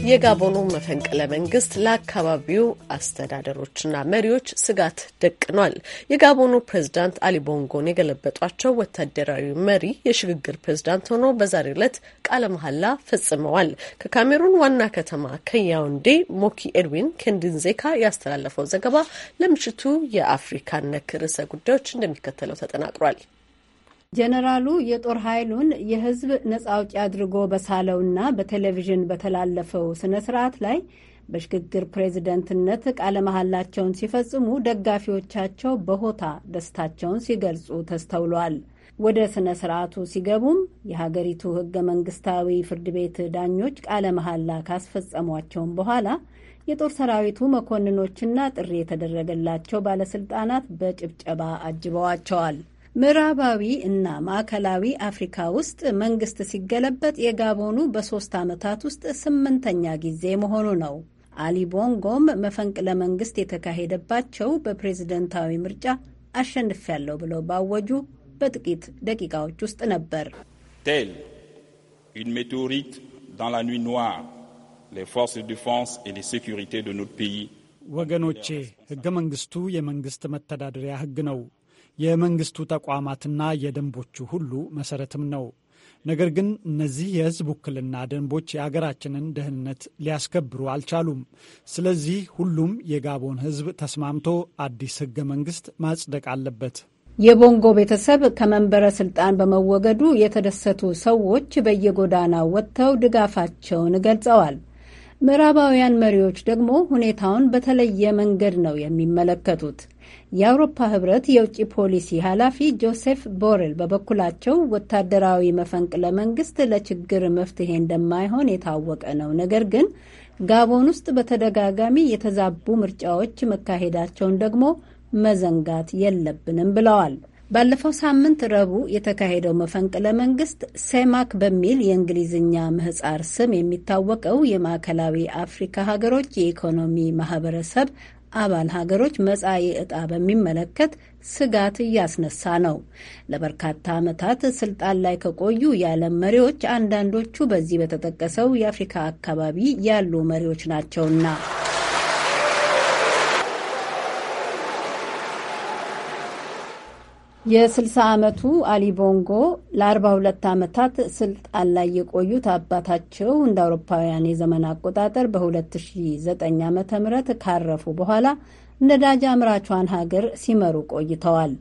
የጋቦኑ መፈንቅለ መንግስት ለአካባቢው አስተዳደሮችና መሪዎች ስጋት ደቅኗል። የጋቦኑ ፕሬዝዳንት አሊ ቦንጎን የገለበጧቸው ወታደራዊ መሪ የሽግግር ፕሬዝዳንት ሆኖ በዛሬ ዕለት ቃለ መሐላ ፈጽመዋል። ከካሜሩን ዋና ከተማ ከያውንዴ ሞኪ ኤድዊን ከንድንዜካ ያስተላለፈው ዘገባ ለምሽቱ የአፍሪካ ነክ ርዕሰ ጉዳዮች እንደሚከተለው ተጠናቅሯል። ጀነራሉ የጦር ኃይሉን የሕዝብ ነጻ አውጪ አድርጎ በሳለውና በቴሌቪዥን በተላለፈው ስነ ስርዓት ላይ በሽግግር ፕሬዝደንትነት ቃለ መሐላቸውን ሲፈጽሙ ደጋፊዎቻቸው በሆታ ደስታቸውን ሲገልጹ ተስተውሏል። ወደ ስነ ስርዓቱ ሲገቡም የሀገሪቱ ህገ መንግስታዊ ፍርድ ቤት ዳኞች ቃለ መሐላ ካስፈጸሟቸውም በኋላ የጦር ሰራዊቱ መኮንኖችና ጥሪ የተደረገላቸው ባለስልጣናት በጭብጨባ አጅበዋቸዋል። ምዕራባዊ እና ማዕከላዊ አፍሪካ ውስጥ መንግስት ሲገለበጥ የጋቦኑ በሶስት ዓመታት ውስጥ ስምንተኛ ጊዜ መሆኑ ነው። አሊ ቦንጎም መፈንቅለ መንግስት የተካሄደባቸው በፕሬዝደንታዊ ምርጫ አሸንፊያለሁ ብለው ባወጁ በጥቂት ደቂቃዎች ውስጥ ነበር። ቴል une météorite dans la nuit noire les ወገኖቼ ህገ መንግስቱ የመንግስት መተዳደሪያ ህግ ነው። የመንግስቱ ተቋማትና የደንቦቹ ሁሉ መሰረትም ነው። ነገር ግን እነዚህ የህዝብ ውክልና ደንቦች የአገራችንን ደህንነት ሊያስከብሩ አልቻሉም። ስለዚህ ሁሉም የጋቦን ህዝብ ተስማምቶ አዲስ ህገ መንግስት ማጽደቅ አለበት። የቦንጎ ቤተሰብ ከመንበረ ስልጣን በመወገዱ የተደሰቱ ሰዎች በየጎዳናው ወጥተው ድጋፋቸውን ገልጸዋል። ምዕራባውያን መሪዎች ደግሞ ሁኔታውን በተለየ መንገድ ነው የሚመለከቱት። የአውሮፓ ህብረት የውጭ ፖሊሲ ኃላፊ ጆሴፍ ቦሬል በበኩላቸው ወታደራዊ መፈንቅለ መንግስት ለችግር መፍትሄ እንደማይሆን የታወቀ ነው፣ ነገር ግን ጋቦን ውስጥ በተደጋጋሚ የተዛቡ ምርጫዎች መካሄዳቸውን ደግሞ መዘንጋት የለብንም ብለዋል። ባለፈው ሳምንት ረቡዕ የተካሄደው መፈንቅለ መንግስት ሴማክ በሚል የእንግሊዝኛ ምህጻር ስም የሚታወቀው የማዕከላዊ አፍሪካ ሀገሮች የኢኮኖሚ ማህበረሰብ አባል ሀገሮች መጻኢ ዕጣ በሚመለከት ስጋት እያስነሳ ነው። ለበርካታ ዓመታት ስልጣን ላይ ከቆዩ የዓለም መሪዎች አንዳንዶቹ በዚህ በተጠቀሰው የአፍሪካ አካባቢ ያሉ መሪዎች ናቸውና የ60 ዓመቱ አሊ ቦንጎ ለ42 ዓመታት ስልጣን ላይ የቆዩት አባታቸው እንደ አውሮፓውያን የዘመን አቆጣጠር በ2009 ዓ ም ካረፉ በኋላ ነዳጅ አምራቿን ሀገር ሲመሩ ቆይተዋል።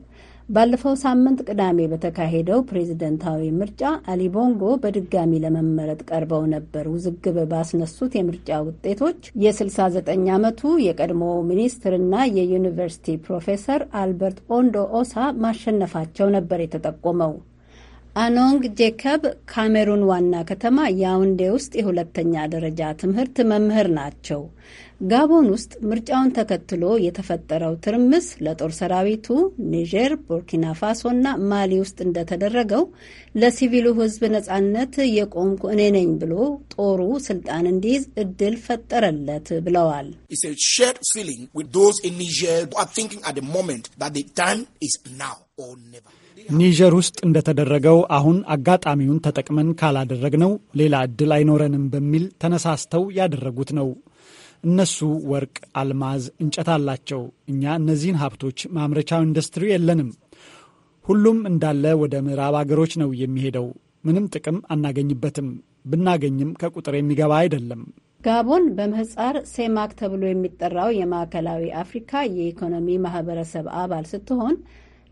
ባለፈው ሳምንት ቅዳሜ በተካሄደው ፕሬዝደንታዊ ምርጫ አሊ ቦንጎ በድጋሚ ለመመረጥ ቀርበው ነበር። ውዝግብ ባስነሱት የምርጫ ውጤቶች የ69 ዓመቱ የቀድሞ ሚኒስትርና የዩኒቨርሲቲ ፕሮፌሰር አልበርት ኦንዶ ኦሳ ማሸነፋቸው ነበር የተጠቆመው። አኖንግ ጄከብ ካሜሩን ዋና ከተማ ያውንዴ ውስጥ የሁለተኛ ደረጃ ትምህርት መምህር ናቸው። ጋቦን ውስጥ ምርጫውን ተከትሎ የተፈጠረው ትርምስ ለጦር ሰራዊቱ ኒጀር፣ ቡርኪና እና ማሊ ውስጥ እንደተደረገው ለሲቪሉ ሕዝብ ነጻነት የቆምኩ እኔ ነኝ ብሎ ጦሩ ስልጣን እንዲይዝ እድል ፈጠረለት ብለዋል። ኒጀር ኒጀር ውስጥ እንደተደረገው አሁን አጋጣሚውን ተጠቅመን ካላደረግነው ሌላ ዕድል አይኖረንም በሚል ተነሳስተው ያደረጉት ነው። እነሱ ወርቅ፣ አልማዝ፣ እንጨት አላቸው። እኛ እነዚህን ሀብቶች ማምረቻ ኢንዱስትሪ የለንም። ሁሉም እንዳለ ወደ ምዕራብ አገሮች ነው የሚሄደው። ምንም ጥቅም አናገኝበትም። ብናገኝም ከቁጥር የሚገባ አይደለም። ጋቦን በምህጻር ሴማክ ተብሎ የሚጠራው የማዕከላዊ አፍሪካ የኢኮኖሚ ማህበረሰብ አባል ስትሆን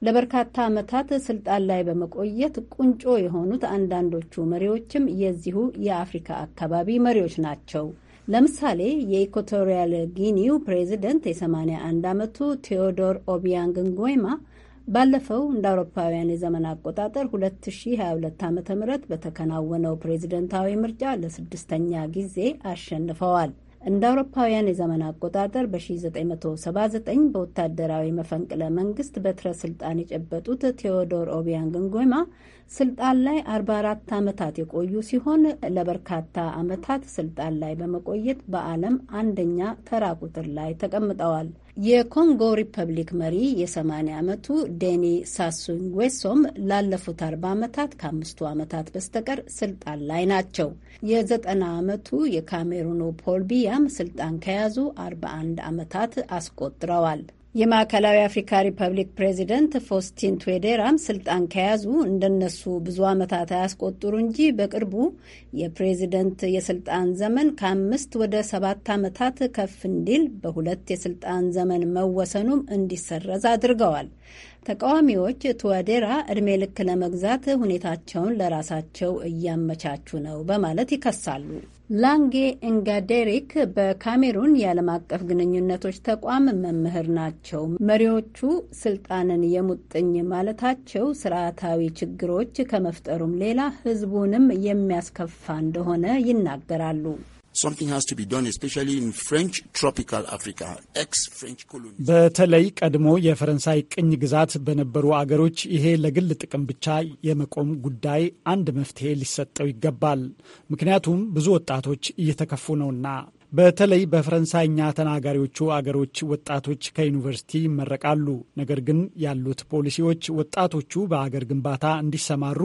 ለበርካታ ዓመታት ስልጣን ላይ በመቆየት ቁንጮ የሆኑት አንዳንዶቹ መሪዎችም የዚሁ የአፍሪካ አካባቢ መሪዎች ናቸው። ለምሳሌ የኢኳቶሪያል ጊኒው ፕሬዚደንት የ81 ዓመቱ ቴዎዶር ኦቢያንግ ንጎይማ ባለፈው እንደ አውሮፓውያን የዘመን አቆጣጠር 2022 ዓ ም በተከናወነው ፕሬዚደንታዊ ምርጫ ለስድስተኛ ጊዜ አሸንፈዋል። እንደ አውሮፓውያን የዘመን አቆጣጠር በ1979 በወታደራዊ መፈንቅለ መንግስት በትረ ስልጣን የጨበጡት ቴዎዶር ኦቢያንግ ንጎማ ስልጣን ላይ 44 ዓመታት የቆዩ ሲሆን ለበርካታ ዓመታት ስልጣን ላይ በመቆየት በዓለም አንደኛ ተራ ቁጥር ላይ ተቀምጠዋል። የኮንጎ ሪፐብሊክ መሪ የ80 ዓመቱ ዴኒ ሳሱ ንጌሶም ላለፉት 40 ዓመታት ከአምስቱ ዓመታት በስተቀር ስልጣን ላይ ናቸው። የ90 ዓመቱ የካሜሩኑ ፖል ቢያም ስልጣን ከያዙ 41 ዓመታት አስቆጥረዋል። የማዕከላዊ አፍሪካ ሪፐብሊክ ፕሬዚደንት ፎስቲን ቱዌዴራም ስልጣን ከያዙ እንደነሱ ብዙ ዓመታት አያስቆጥሩ እንጂ በቅርቡ የፕሬዚደንት የስልጣን ዘመን ከአምስት ወደ ሰባት ዓመታት ከፍ እንዲል በሁለት የስልጣን ዘመን መወሰኑም እንዲሰረዝ አድርገዋል። ተቃዋሚዎች ቱዋዴራ ዕድሜ ልክ ለመግዛት ሁኔታቸውን ለራሳቸው እያመቻቹ ነው በማለት ይከሳሉ። ላንጌ እንጋዴሪክ በካሜሩን የዓለም አቀፍ ግንኙነቶች ተቋም መምህር ናቸው። መሪዎቹ ስልጣንን የሙጥኝ ማለታቸው ስርዓታዊ ችግሮች ከመፍጠሩም ሌላ ህዝቡንም የሚያስከፋ እንደሆነ ይናገራሉ። በተለይ ቀድሞ የፈረንሳይ ቅኝ ግዛት በነበሩ አገሮች ይሄ ለግል ጥቅም ብቻ የመቆም ጉዳይ አንድ መፍትሄ ሊሰጠው ይገባል። ምክንያቱም ብዙ ወጣቶች እየተከፉ ነውና በተለይ በፈረንሳይኛ ተናጋሪዎቹ አገሮች ወጣቶች ከዩኒቨርሲቲ ይመረቃሉ። ነገር ግን ያሉት ፖሊሲዎች ወጣቶቹ በአገር ግንባታ እንዲሰማሩ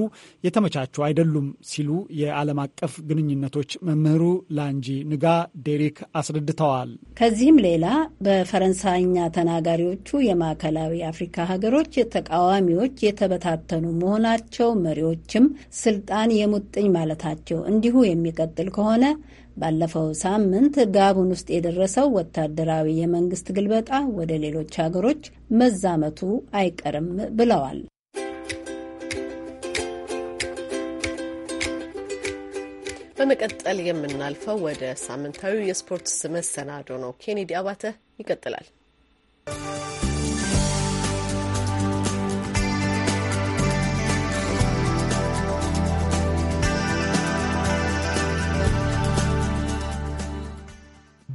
የተመቻቹ አይደሉም ሲሉ የዓለም አቀፍ ግንኙነቶች መምህሩ ላንጂ ንጋ ዴሪክ አስረድተዋል። ከዚህም ሌላ በፈረንሳይኛ ተናጋሪዎቹ የማዕከላዊ አፍሪካ ሀገሮች ተቃዋሚዎች የተበታተኑ መሆናቸው፣ መሪዎችም ስልጣን የሙጥኝ ማለታቸው እንዲሁ የሚቀጥል ከሆነ ባለፈው ሳምንት ጋቡን ውስጥ የደረሰው ወታደራዊ የመንግስት ግልበጣ ወደ ሌሎች ሀገሮች መዛመቱ አይቀርም ብለዋል። በመቀጠል የምናልፈው ወደ ሳምንታዊ የስፖርት መሰናዶ ነው። ኬኔዲ አባተ ይቀጥላል።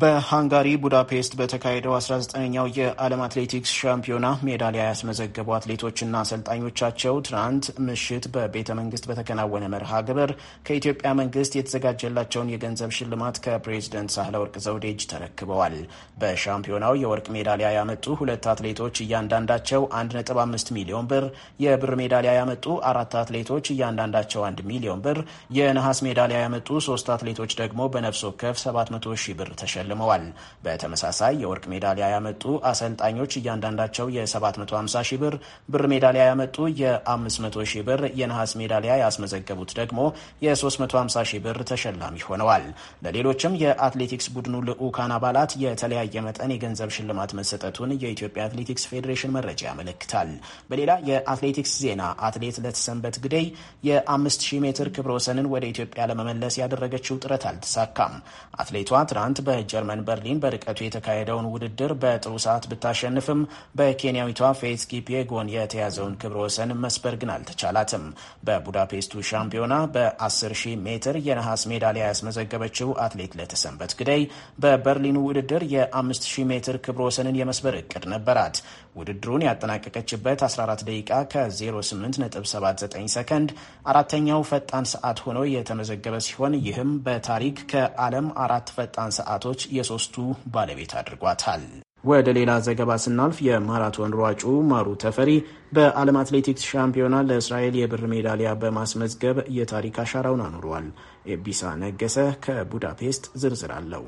በሃንጋሪ ቡዳፔስት በተካሄደው 19ኛው የዓለም አትሌቲክስ ሻምፒዮና ሜዳሊያ ያስመዘገቡ አትሌቶችና አሰልጣኞቻቸው ትናንት ምሽት በቤተ መንግስት በተከናወነ መርሃ ግብር ከኢትዮጵያ መንግስት የተዘጋጀላቸውን የገንዘብ ሽልማት ከፕሬዝደንት ወርቅ ዘውዴ እጅ ተረክበዋል። በሻምፒዮናው የወርቅ ሜዳሊያ ያመጡ ሁለት አትሌቶች እያንዳንዳቸው 1.5 ሚሊዮን ብር፣ የብር ሜዳሊያ ያመጡ አራት አትሌቶች እያንዳንዳቸው 1 ሚሊዮን ብር፣ የነሐስ ሜዳሊያ ያመጡ ሶስት አትሌቶች ደግሞ በነፍስ ወከፍ 700 ሺህ ብር ተሸል ተሸልመዋል። በተመሳሳይ የወርቅ ሜዳሊያ ያመጡ አሰልጣኞች እያንዳንዳቸው የ750 ሺህ ብር፣ ብር ሜዳሊያ ያመጡ የ500 ሺህ ብር፣ የነሐስ ሜዳሊያ ያስመዘገቡት ደግሞ የ350 ሺህ ብር ተሸላሚ ሆነዋል። ለሌሎችም የአትሌቲክስ ቡድኑ ልዑካን አባላት የተለያየ መጠን የገንዘብ ሽልማት መሰጠቱን የኢትዮጵያ አትሌቲክስ ፌዴሬሽን መረጃ ያመለክታል። በሌላ የአትሌቲክስ ዜና አትሌት ለተሰንበት ግደይ የ5000 ሜትር ክብረ ወሰንን ወደ ኢትዮጵያ ለመመለስ ያደረገችው ጥረት አልተሳካም። አትሌቷ ትናንት በእጃ ጀርመን በርሊን በርቀቱ የተካሄደውን ውድድር በጥሩ ሰዓት ብታሸንፍም በኬንያዊቷ ፌዝ ኪፒዬጎን የተያዘውን ክብረ ወሰን መስበር ግን አልተቻላትም። በቡዳፔስቱ ሻምፒዮና በ10 ሺህ ሜትር የነሐስ ሜዳሊያ ያስመዘገበችው አትሌት ለተሰንበት ግደይ በበርሊኑ ውድድር የ5000 ሜትር ክብረ ወሰንን የመስበር እቅድ ነበራት። ውድድሩን ያጠናቀቀችበት 14 ደቂቃ ከ08.79 ሰከንድ አራተኛው ፈጣን ሰዓት ሆኖ የተመዘገበ ሲሆን ይህም በታሪክ ከዓለም አራት ፈጣን ሰዓቶች የሶስቱ ባለቤት አድርጓታል። ወደ ሌላ ዘገባ ስናልፍ የማራቶን ሯጩ ማሩ ተፈሪ በዓለም አትሌቲክስ ሻምፒዮና ለእስራኤል የብር ሜዳሊያ በማስመዝገብ የታሪክ አሻራውን አኑሯል። ኤቢሳ ነገሰ ከቡዳፔስት ዝርዝር አለው።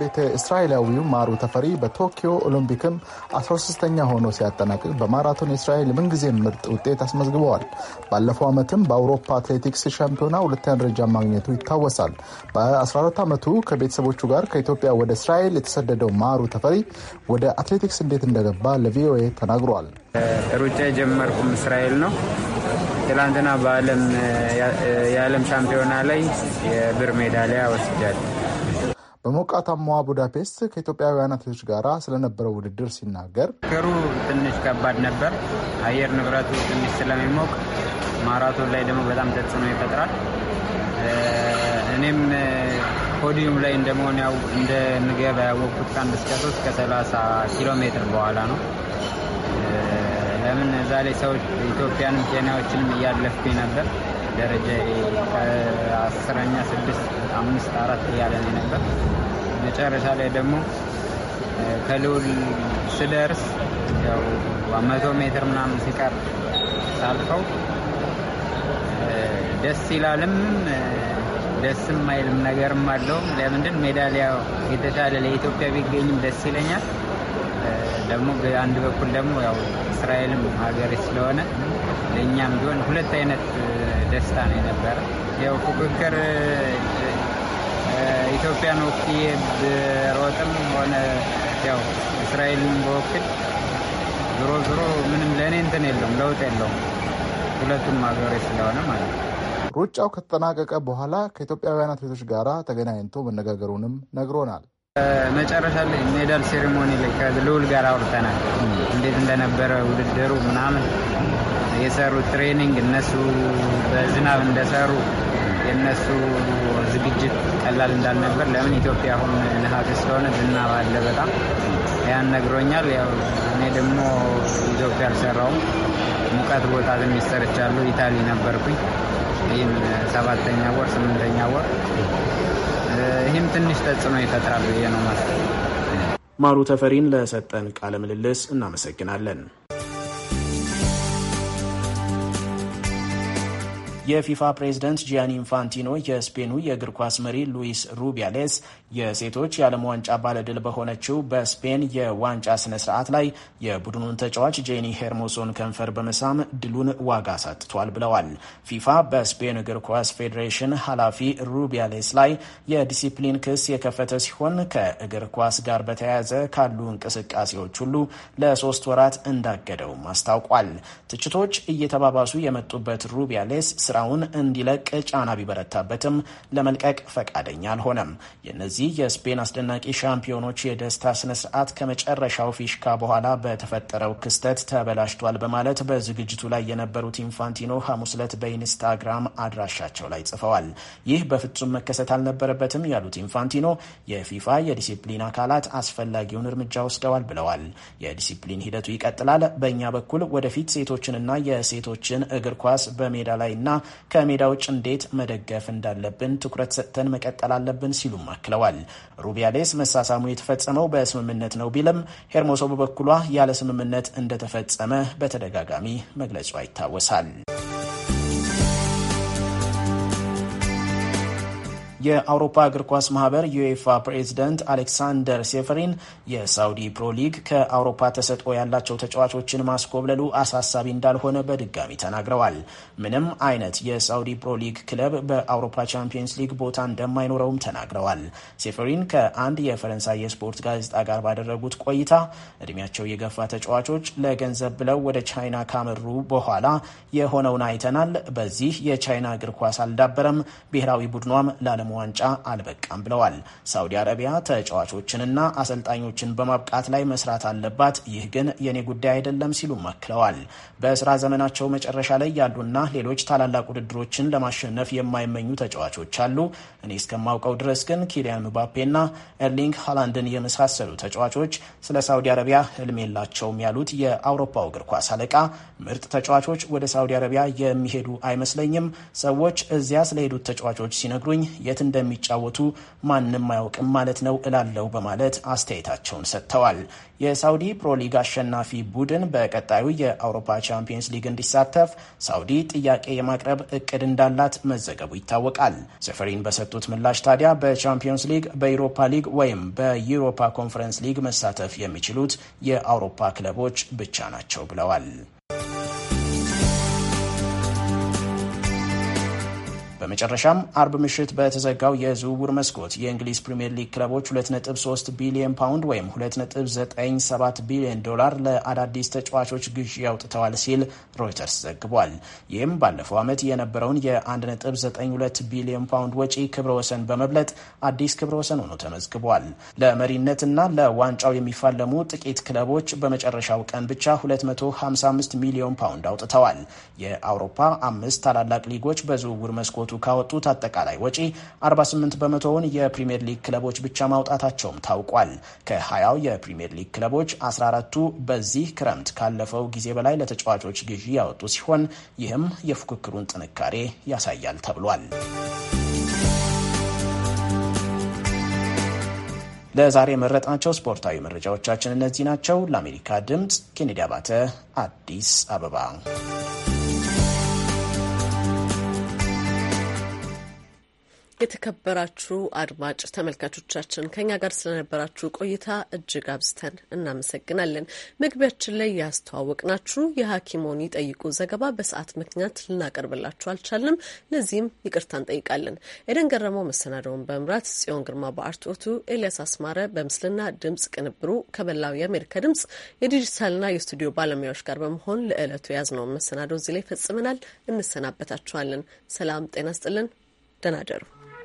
ቤተ እስራኤላዊው ማሩ ተፈሪ በቶኪዮ ኦሎምፒክም 13ተኛ ሆኖ ሲያጠናቅቅ በማራቶን የእስራኤል ምንጊዜ ምርጥ ውጤት አስመዝግበዋል። ባለፈው ዓመትም በአውሮፓ አትሌቲክስ ሻምፒዮና ሁለተኛ ደረጃ ማግኘቱ ይታወሳል። በ14 ዓመቱ ከቤተሰቦቹ ጋር ከኢትዮጵያ ወደ እስራኤል የተሰደደው ማሩ ተፈሪ ወደ አትሌቲክስ እንዴት እንደገባ ለቪኦኤ ተናግሯል። ሩጫ የጀመርኩም እስራኤል ነው። ትላንትና የዓለም ሻምፒዮና ላይ የብር ሜዳሊያ ወስጃለሁ። በሞቃታማዋ ቡዳፔስት ከኢትዮጵያውያን አትሌቶች ጋር ስለነበረው ውድድር ሲናገር ክሩ ትንሽ ከባድ ነበር። አየር ንብረቱ ትንሽ ስለሚሞቅ ማራቶን ላይ ደግሞ በጣም ተጽዕኖ ይፈጥራል። እኔም ፖዲዩም ላይ እንደመሆን ያው እንደምገባ ያወቅኩት ከአንድ እስከ ሶስት ከሰላሳ ኪሎ ሜትር በኋላ ነው። ለምን እዛ ላይ ሰዎች ኢትዮጵያንም ኬንያዎችንም እያለፍኩ ነበር። ደረጃ ከአስረኛ ስድስት አምስት አራት እያለ ነው ነበር። መጨረሻ ላይ ደግሞ ከልውል ስደርስ ያው መቶ ሜትር ምናምን ሲቀር ሳልፈው ደስ ይላልም ደስም አይልም ነገርም አለው። ለምንድን ሜዳሊያ የተሻለ ለኢትዮጵያ ቢገኝም ደስ ይለኛል። ደግሞ በአንድ በኩል ደግሞ ያው እስራኤልም ሀገር ስለሆነ ለእኛም ቢሆን ሁለት አይነት ደስታ ነው የነበረ። ያው ፉክክር ኢትዮጵያን ወክዬ ብሮጥም ሆነ ያው እስራኤልን በወክል ዞሮ ዞሮ ምንም ለእኔ እንትን የለውም ለውጥ የለውም ሁለቱም ሀገሬ ስለሆነ ማለት ነው። ሩጫው ከተጠናቀቀ በኋላ ከኢትዮጵያውያን አትሌቶች ጋር ተገናኝቶ መነጋገሩንም ነግሮናል። መጨረሻ ላይ ሜዳል ሴሪሞኒ ላይ ከልውል ጋር አውርተናል። እንዴት እንደነበረ ውድድሩ ምናምን የሰሩ ትሬኒንግ እነሱ በዝናብ እንደሰሩ የእነሱ ዝግጅት ቀላል እንዳልነበር ለምን ኢትዮጵያ አሁን ነሐሴ ስለሆነ ዝናብ አለ በጣም ያን ነግሮኛል። ያው እኔ ደግሞ ኢትዮጵያ አልሰራውም ሙቀት ቦታ የሚሰርቻሉ ኢታሊ ነበርኩኝ። ይህም ሰባተኛ ወር ስምንተኛ ወር ይህም ትንሽ ተጽዕኖ ይፈጥራል ብዬ ነው ማለት። ማሩ ተፈሪን ለሰጠን ቃለ ምልልስ እናመሰግናለን። የፊፋ ፕሬዝደንት ጂያኒ ኢንፋንቲኖ የስፔኑ የእግር ኳስ መሪ ሉዊስ ሩቢያሌስ የሴቶች የዓለም ዋንጫ ባለድል በሆነችው በስፔን የዋንጫ ስነ ስርዓት ላይ የቡድኑን ተጫዋች ጄኒ ሄርሞሶን ከንፈር በመሳም ድሉን ዋጋ ሰጥቷል ብለዋል። ፊፋ በስፔን እግር ኳስ ፌዴሬሽን ኃላፊ ሩቢያሌስ ላይ የዲሲፕሊን ክስ የከፈተ ሲሆን ከእግር ኳስ ጋር በተያያዘ ካሉ እንቅስቃሴዎች ሁሉ ለሶስት ወራት እንዳገደውም አስታውቋል። ትችቶች እየተባባሱ የመጡበት ሩቢያሌስ ስራውን እንዲለቅ ጫና ቢበረታበትም ለመልቀቅ ፈቃደኛ አልሆነም። የእነዚህ የስፔን አስደናቂ ሻምፒዮኖች የደስታ ስነስርዓት ከመጨረሻው ፊሽካ በኋላ በተፈጠረው ክስተት ተበላሽቷል በማለት በዝግጅቱ ላይ የነበሩት ኢንፋንቲኖ ሐሙስ ዕለት በኢንስታግራም አድራሻቸው ላይ ጽፈዋል። ይህ በፍጹም መከሰት አልነበረበትም ያሉት ኢንፋንቲኖ የፊፋ የዲሲፕሊን አካላት አስፈላጊውን እርምጃ ወስደዋል ብለዋል። የዲሲፕሊን ሂደቱ ይቀጥላል። በእኛ በኩል ወደፊት ሴቶችንና የሴቶችን እግር ኳስ በሜዳ ላይና ከሜዳ ውጭ እንዴት መደገፍ እንዳለብን ትኩረት ሰጥተን መቀጠል አለብን ሲሉም አክለዋል። ሩቢያሌስ መሳሳሙ የተፈጸመው በስምምነት ነው ቢልም ሄርሞሶ በበኩሏ ያለ ስምምነት እንደተፈጸመ በተደጋጋሚ መግለጿ ይታወሳል። የአውሮፓ እግር ኳስ ማህበር ዩኤፋ ፕሬዚደንት አሌክሳንደር ሴፈሪን የሳውዲ ፕሮ ሊግ ከአውሮፓ ተሰጥኦ ያላቸው ተጫዋቾችን ማስኮብለሉ አሳሳቢ እንዳልሆነ በድጋሚ ተናግረዋል። ምንም አይነት የሳውዲ ፕሮ ሊግ ክለብ በአውሮፓ ቻምፒየንስ ሊግ ቦታ እንደማይኖረውም ተናግረዋል። ሴፈሪን ከአንድ የፈረንሳይ የስፖርት ጋዜጣ ጋር ባደረጉት ቆይታ እድሜያቸው የገፋ ተጫዋቾች ለገንዘብ ብለው ወደ ቻይና ካመሩ በኋላ የሆነውን አይተናል። በዚህ የቻይና እግር ኳስ አልዳበረም። ብሔራዊ ቡድኗም ላለሞ ዋንጫ አልበቃም ብለዋል። ሳውዲ አረቢያ ተጫዋቾችንና አሰልጣኞችን በማብቃት ላይ መስራት አለባት፣ ይህ ግን የኔ ጉዳይ አይደለም ሲሉ መክለዋል። በስራ ዘመናቸው መጨረሻ ላይ ያሉና ሌሎች ታላላቅ ውድድሮችን ለማሸነፍ የማይመኙ ተጫዋቾች አሉ። እኔ እስከማውቀው ድረስ ግን ኪሊያን ምባፔና ኤርሊንግ ሃላንድን የመሳሰሉ ተጫዋቾች ስለ ሳውዲ አረቢያ ህልም የላቸውም ያሉት የአውሮፓው እግር ኳስ አለቃ ምርጥ ተጫዋቾች ወደ ሳውዲ አረቢያ የሚሄዱ አይመስለኝም። ሰዎች እዚያ ስለሄዱት ተጫዋቾች ሲነግሩኝ የት እንደሚጫወቱ ማንም አያውቅም ማለት ነው እላለው በማለት አስተያየታቸውን ሰጥተዋል። የሳውዲ ፕሮሊግ አሸናፊ ቡድን በቀጣዩ የአውሮፓ ቻምፒየንስ ሊግ እንዲሳተፍ ሳውዲ ጥያቄ የማቅረብ እቅድ እንዳላት መዘገቡ ይታወቃል። ሰፈሪን በሰጡት ምላሽ ታዲያ በቻምፒየንስ ሊግ፣ በዩሮፓ ሊግ ወይም በዩሮፓ ኮንፈረንስ ሊግ መሳተፍ የሚችሉት የአውሮፓ ክለቦች ብቻ ናቸው ብለዋል። በመጨረሻም አርብ ምሽት በተዘጋው የዝውውር መስኮት የእንግሊዝ ፕሪምየር ሊግ ክለቦች 2.3 ቢሊዮን ፓውንድ ወይም 2.97 ቢሊዮን ዶላር ለአዳዲስ ተጫዋቾች ግዢ ያውጥተዋል ሲል ሮይተርስ ዘግቧል። ይህም ባለፈው ዓመት የነበረውን የ1.92 ቢሊዮን ፓውንድ ወጪ ክብረ ወሰን በመብለጥ አዲስ ክብረ ወሰን ሆኖ ተመዝግቧል። ለመሪነትና ለዋንጫው የሚፋለሙ ጥቂት ክለቦች በመጨረሻው ቀን ብቻ 255 ሚሊዮን ፓውንድ አውጥተዋል። የአውሮፓ አምስት ታላላቅ ሊጎች በዝውውር መስኮቱ ካወጡት አጠቃላይ ወጪ 48 በመቶውን የፕሪምየር ሊግ ክለቦች ብቻ ማውጣታቸውም ታውቋል። ከሀያው የፕሪምየር ሊግ ክለቦች 14ቱ በዚህ ክረምት ካለፈው ጊዜ በላይ ለተጫዋቾች ግዢ ያወጡ ሲሆን ይህም የፉክክሩን ጥንካሬ ያሳያል ተብሏል። ለዛሬ የመረጥናቸው ስፖርታዊ መረጃዎቻችን እነዚህ ናቸው። ለአሜሪካ ድምፅ ኬኔዲ አባተ አዲስ አበባ የተከበራችሁ አድማጭ ተመልካቾቻችን ከኛ ጋር ስለነበራችሁ ቆይታ እጅግ አብዝተን እናመሰግናለን። መግቢያችን ላይ ያስተዋወቅናችሁ የሐኪሞን ይጠይቁ ዘገባ በሰዓት ምክንያት ልናቀርብላችሁ አልቻልንም። ለዚህም ይቅርታ እንጠይቃለን። ኤደን ገረመው መሰናደውን በመምራት ጽዮን ግርማ በአርትዖቱ፣ ኤልያስ አስማረ በምስልና ድምጽ ቅንብሩ ከመላው የአሜሪካ ድምጽ የዲጂታልና የስቱዲዮ ባለሙያዎች ጋር በመሆን ለዕለቱ የያዝነውን መሰናዶ እዚህ ላይ ፈጽመናል። እንሰናበታችኋለን። ሰላም ጤና ስጥልን። ደናደሩ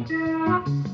Obrigado.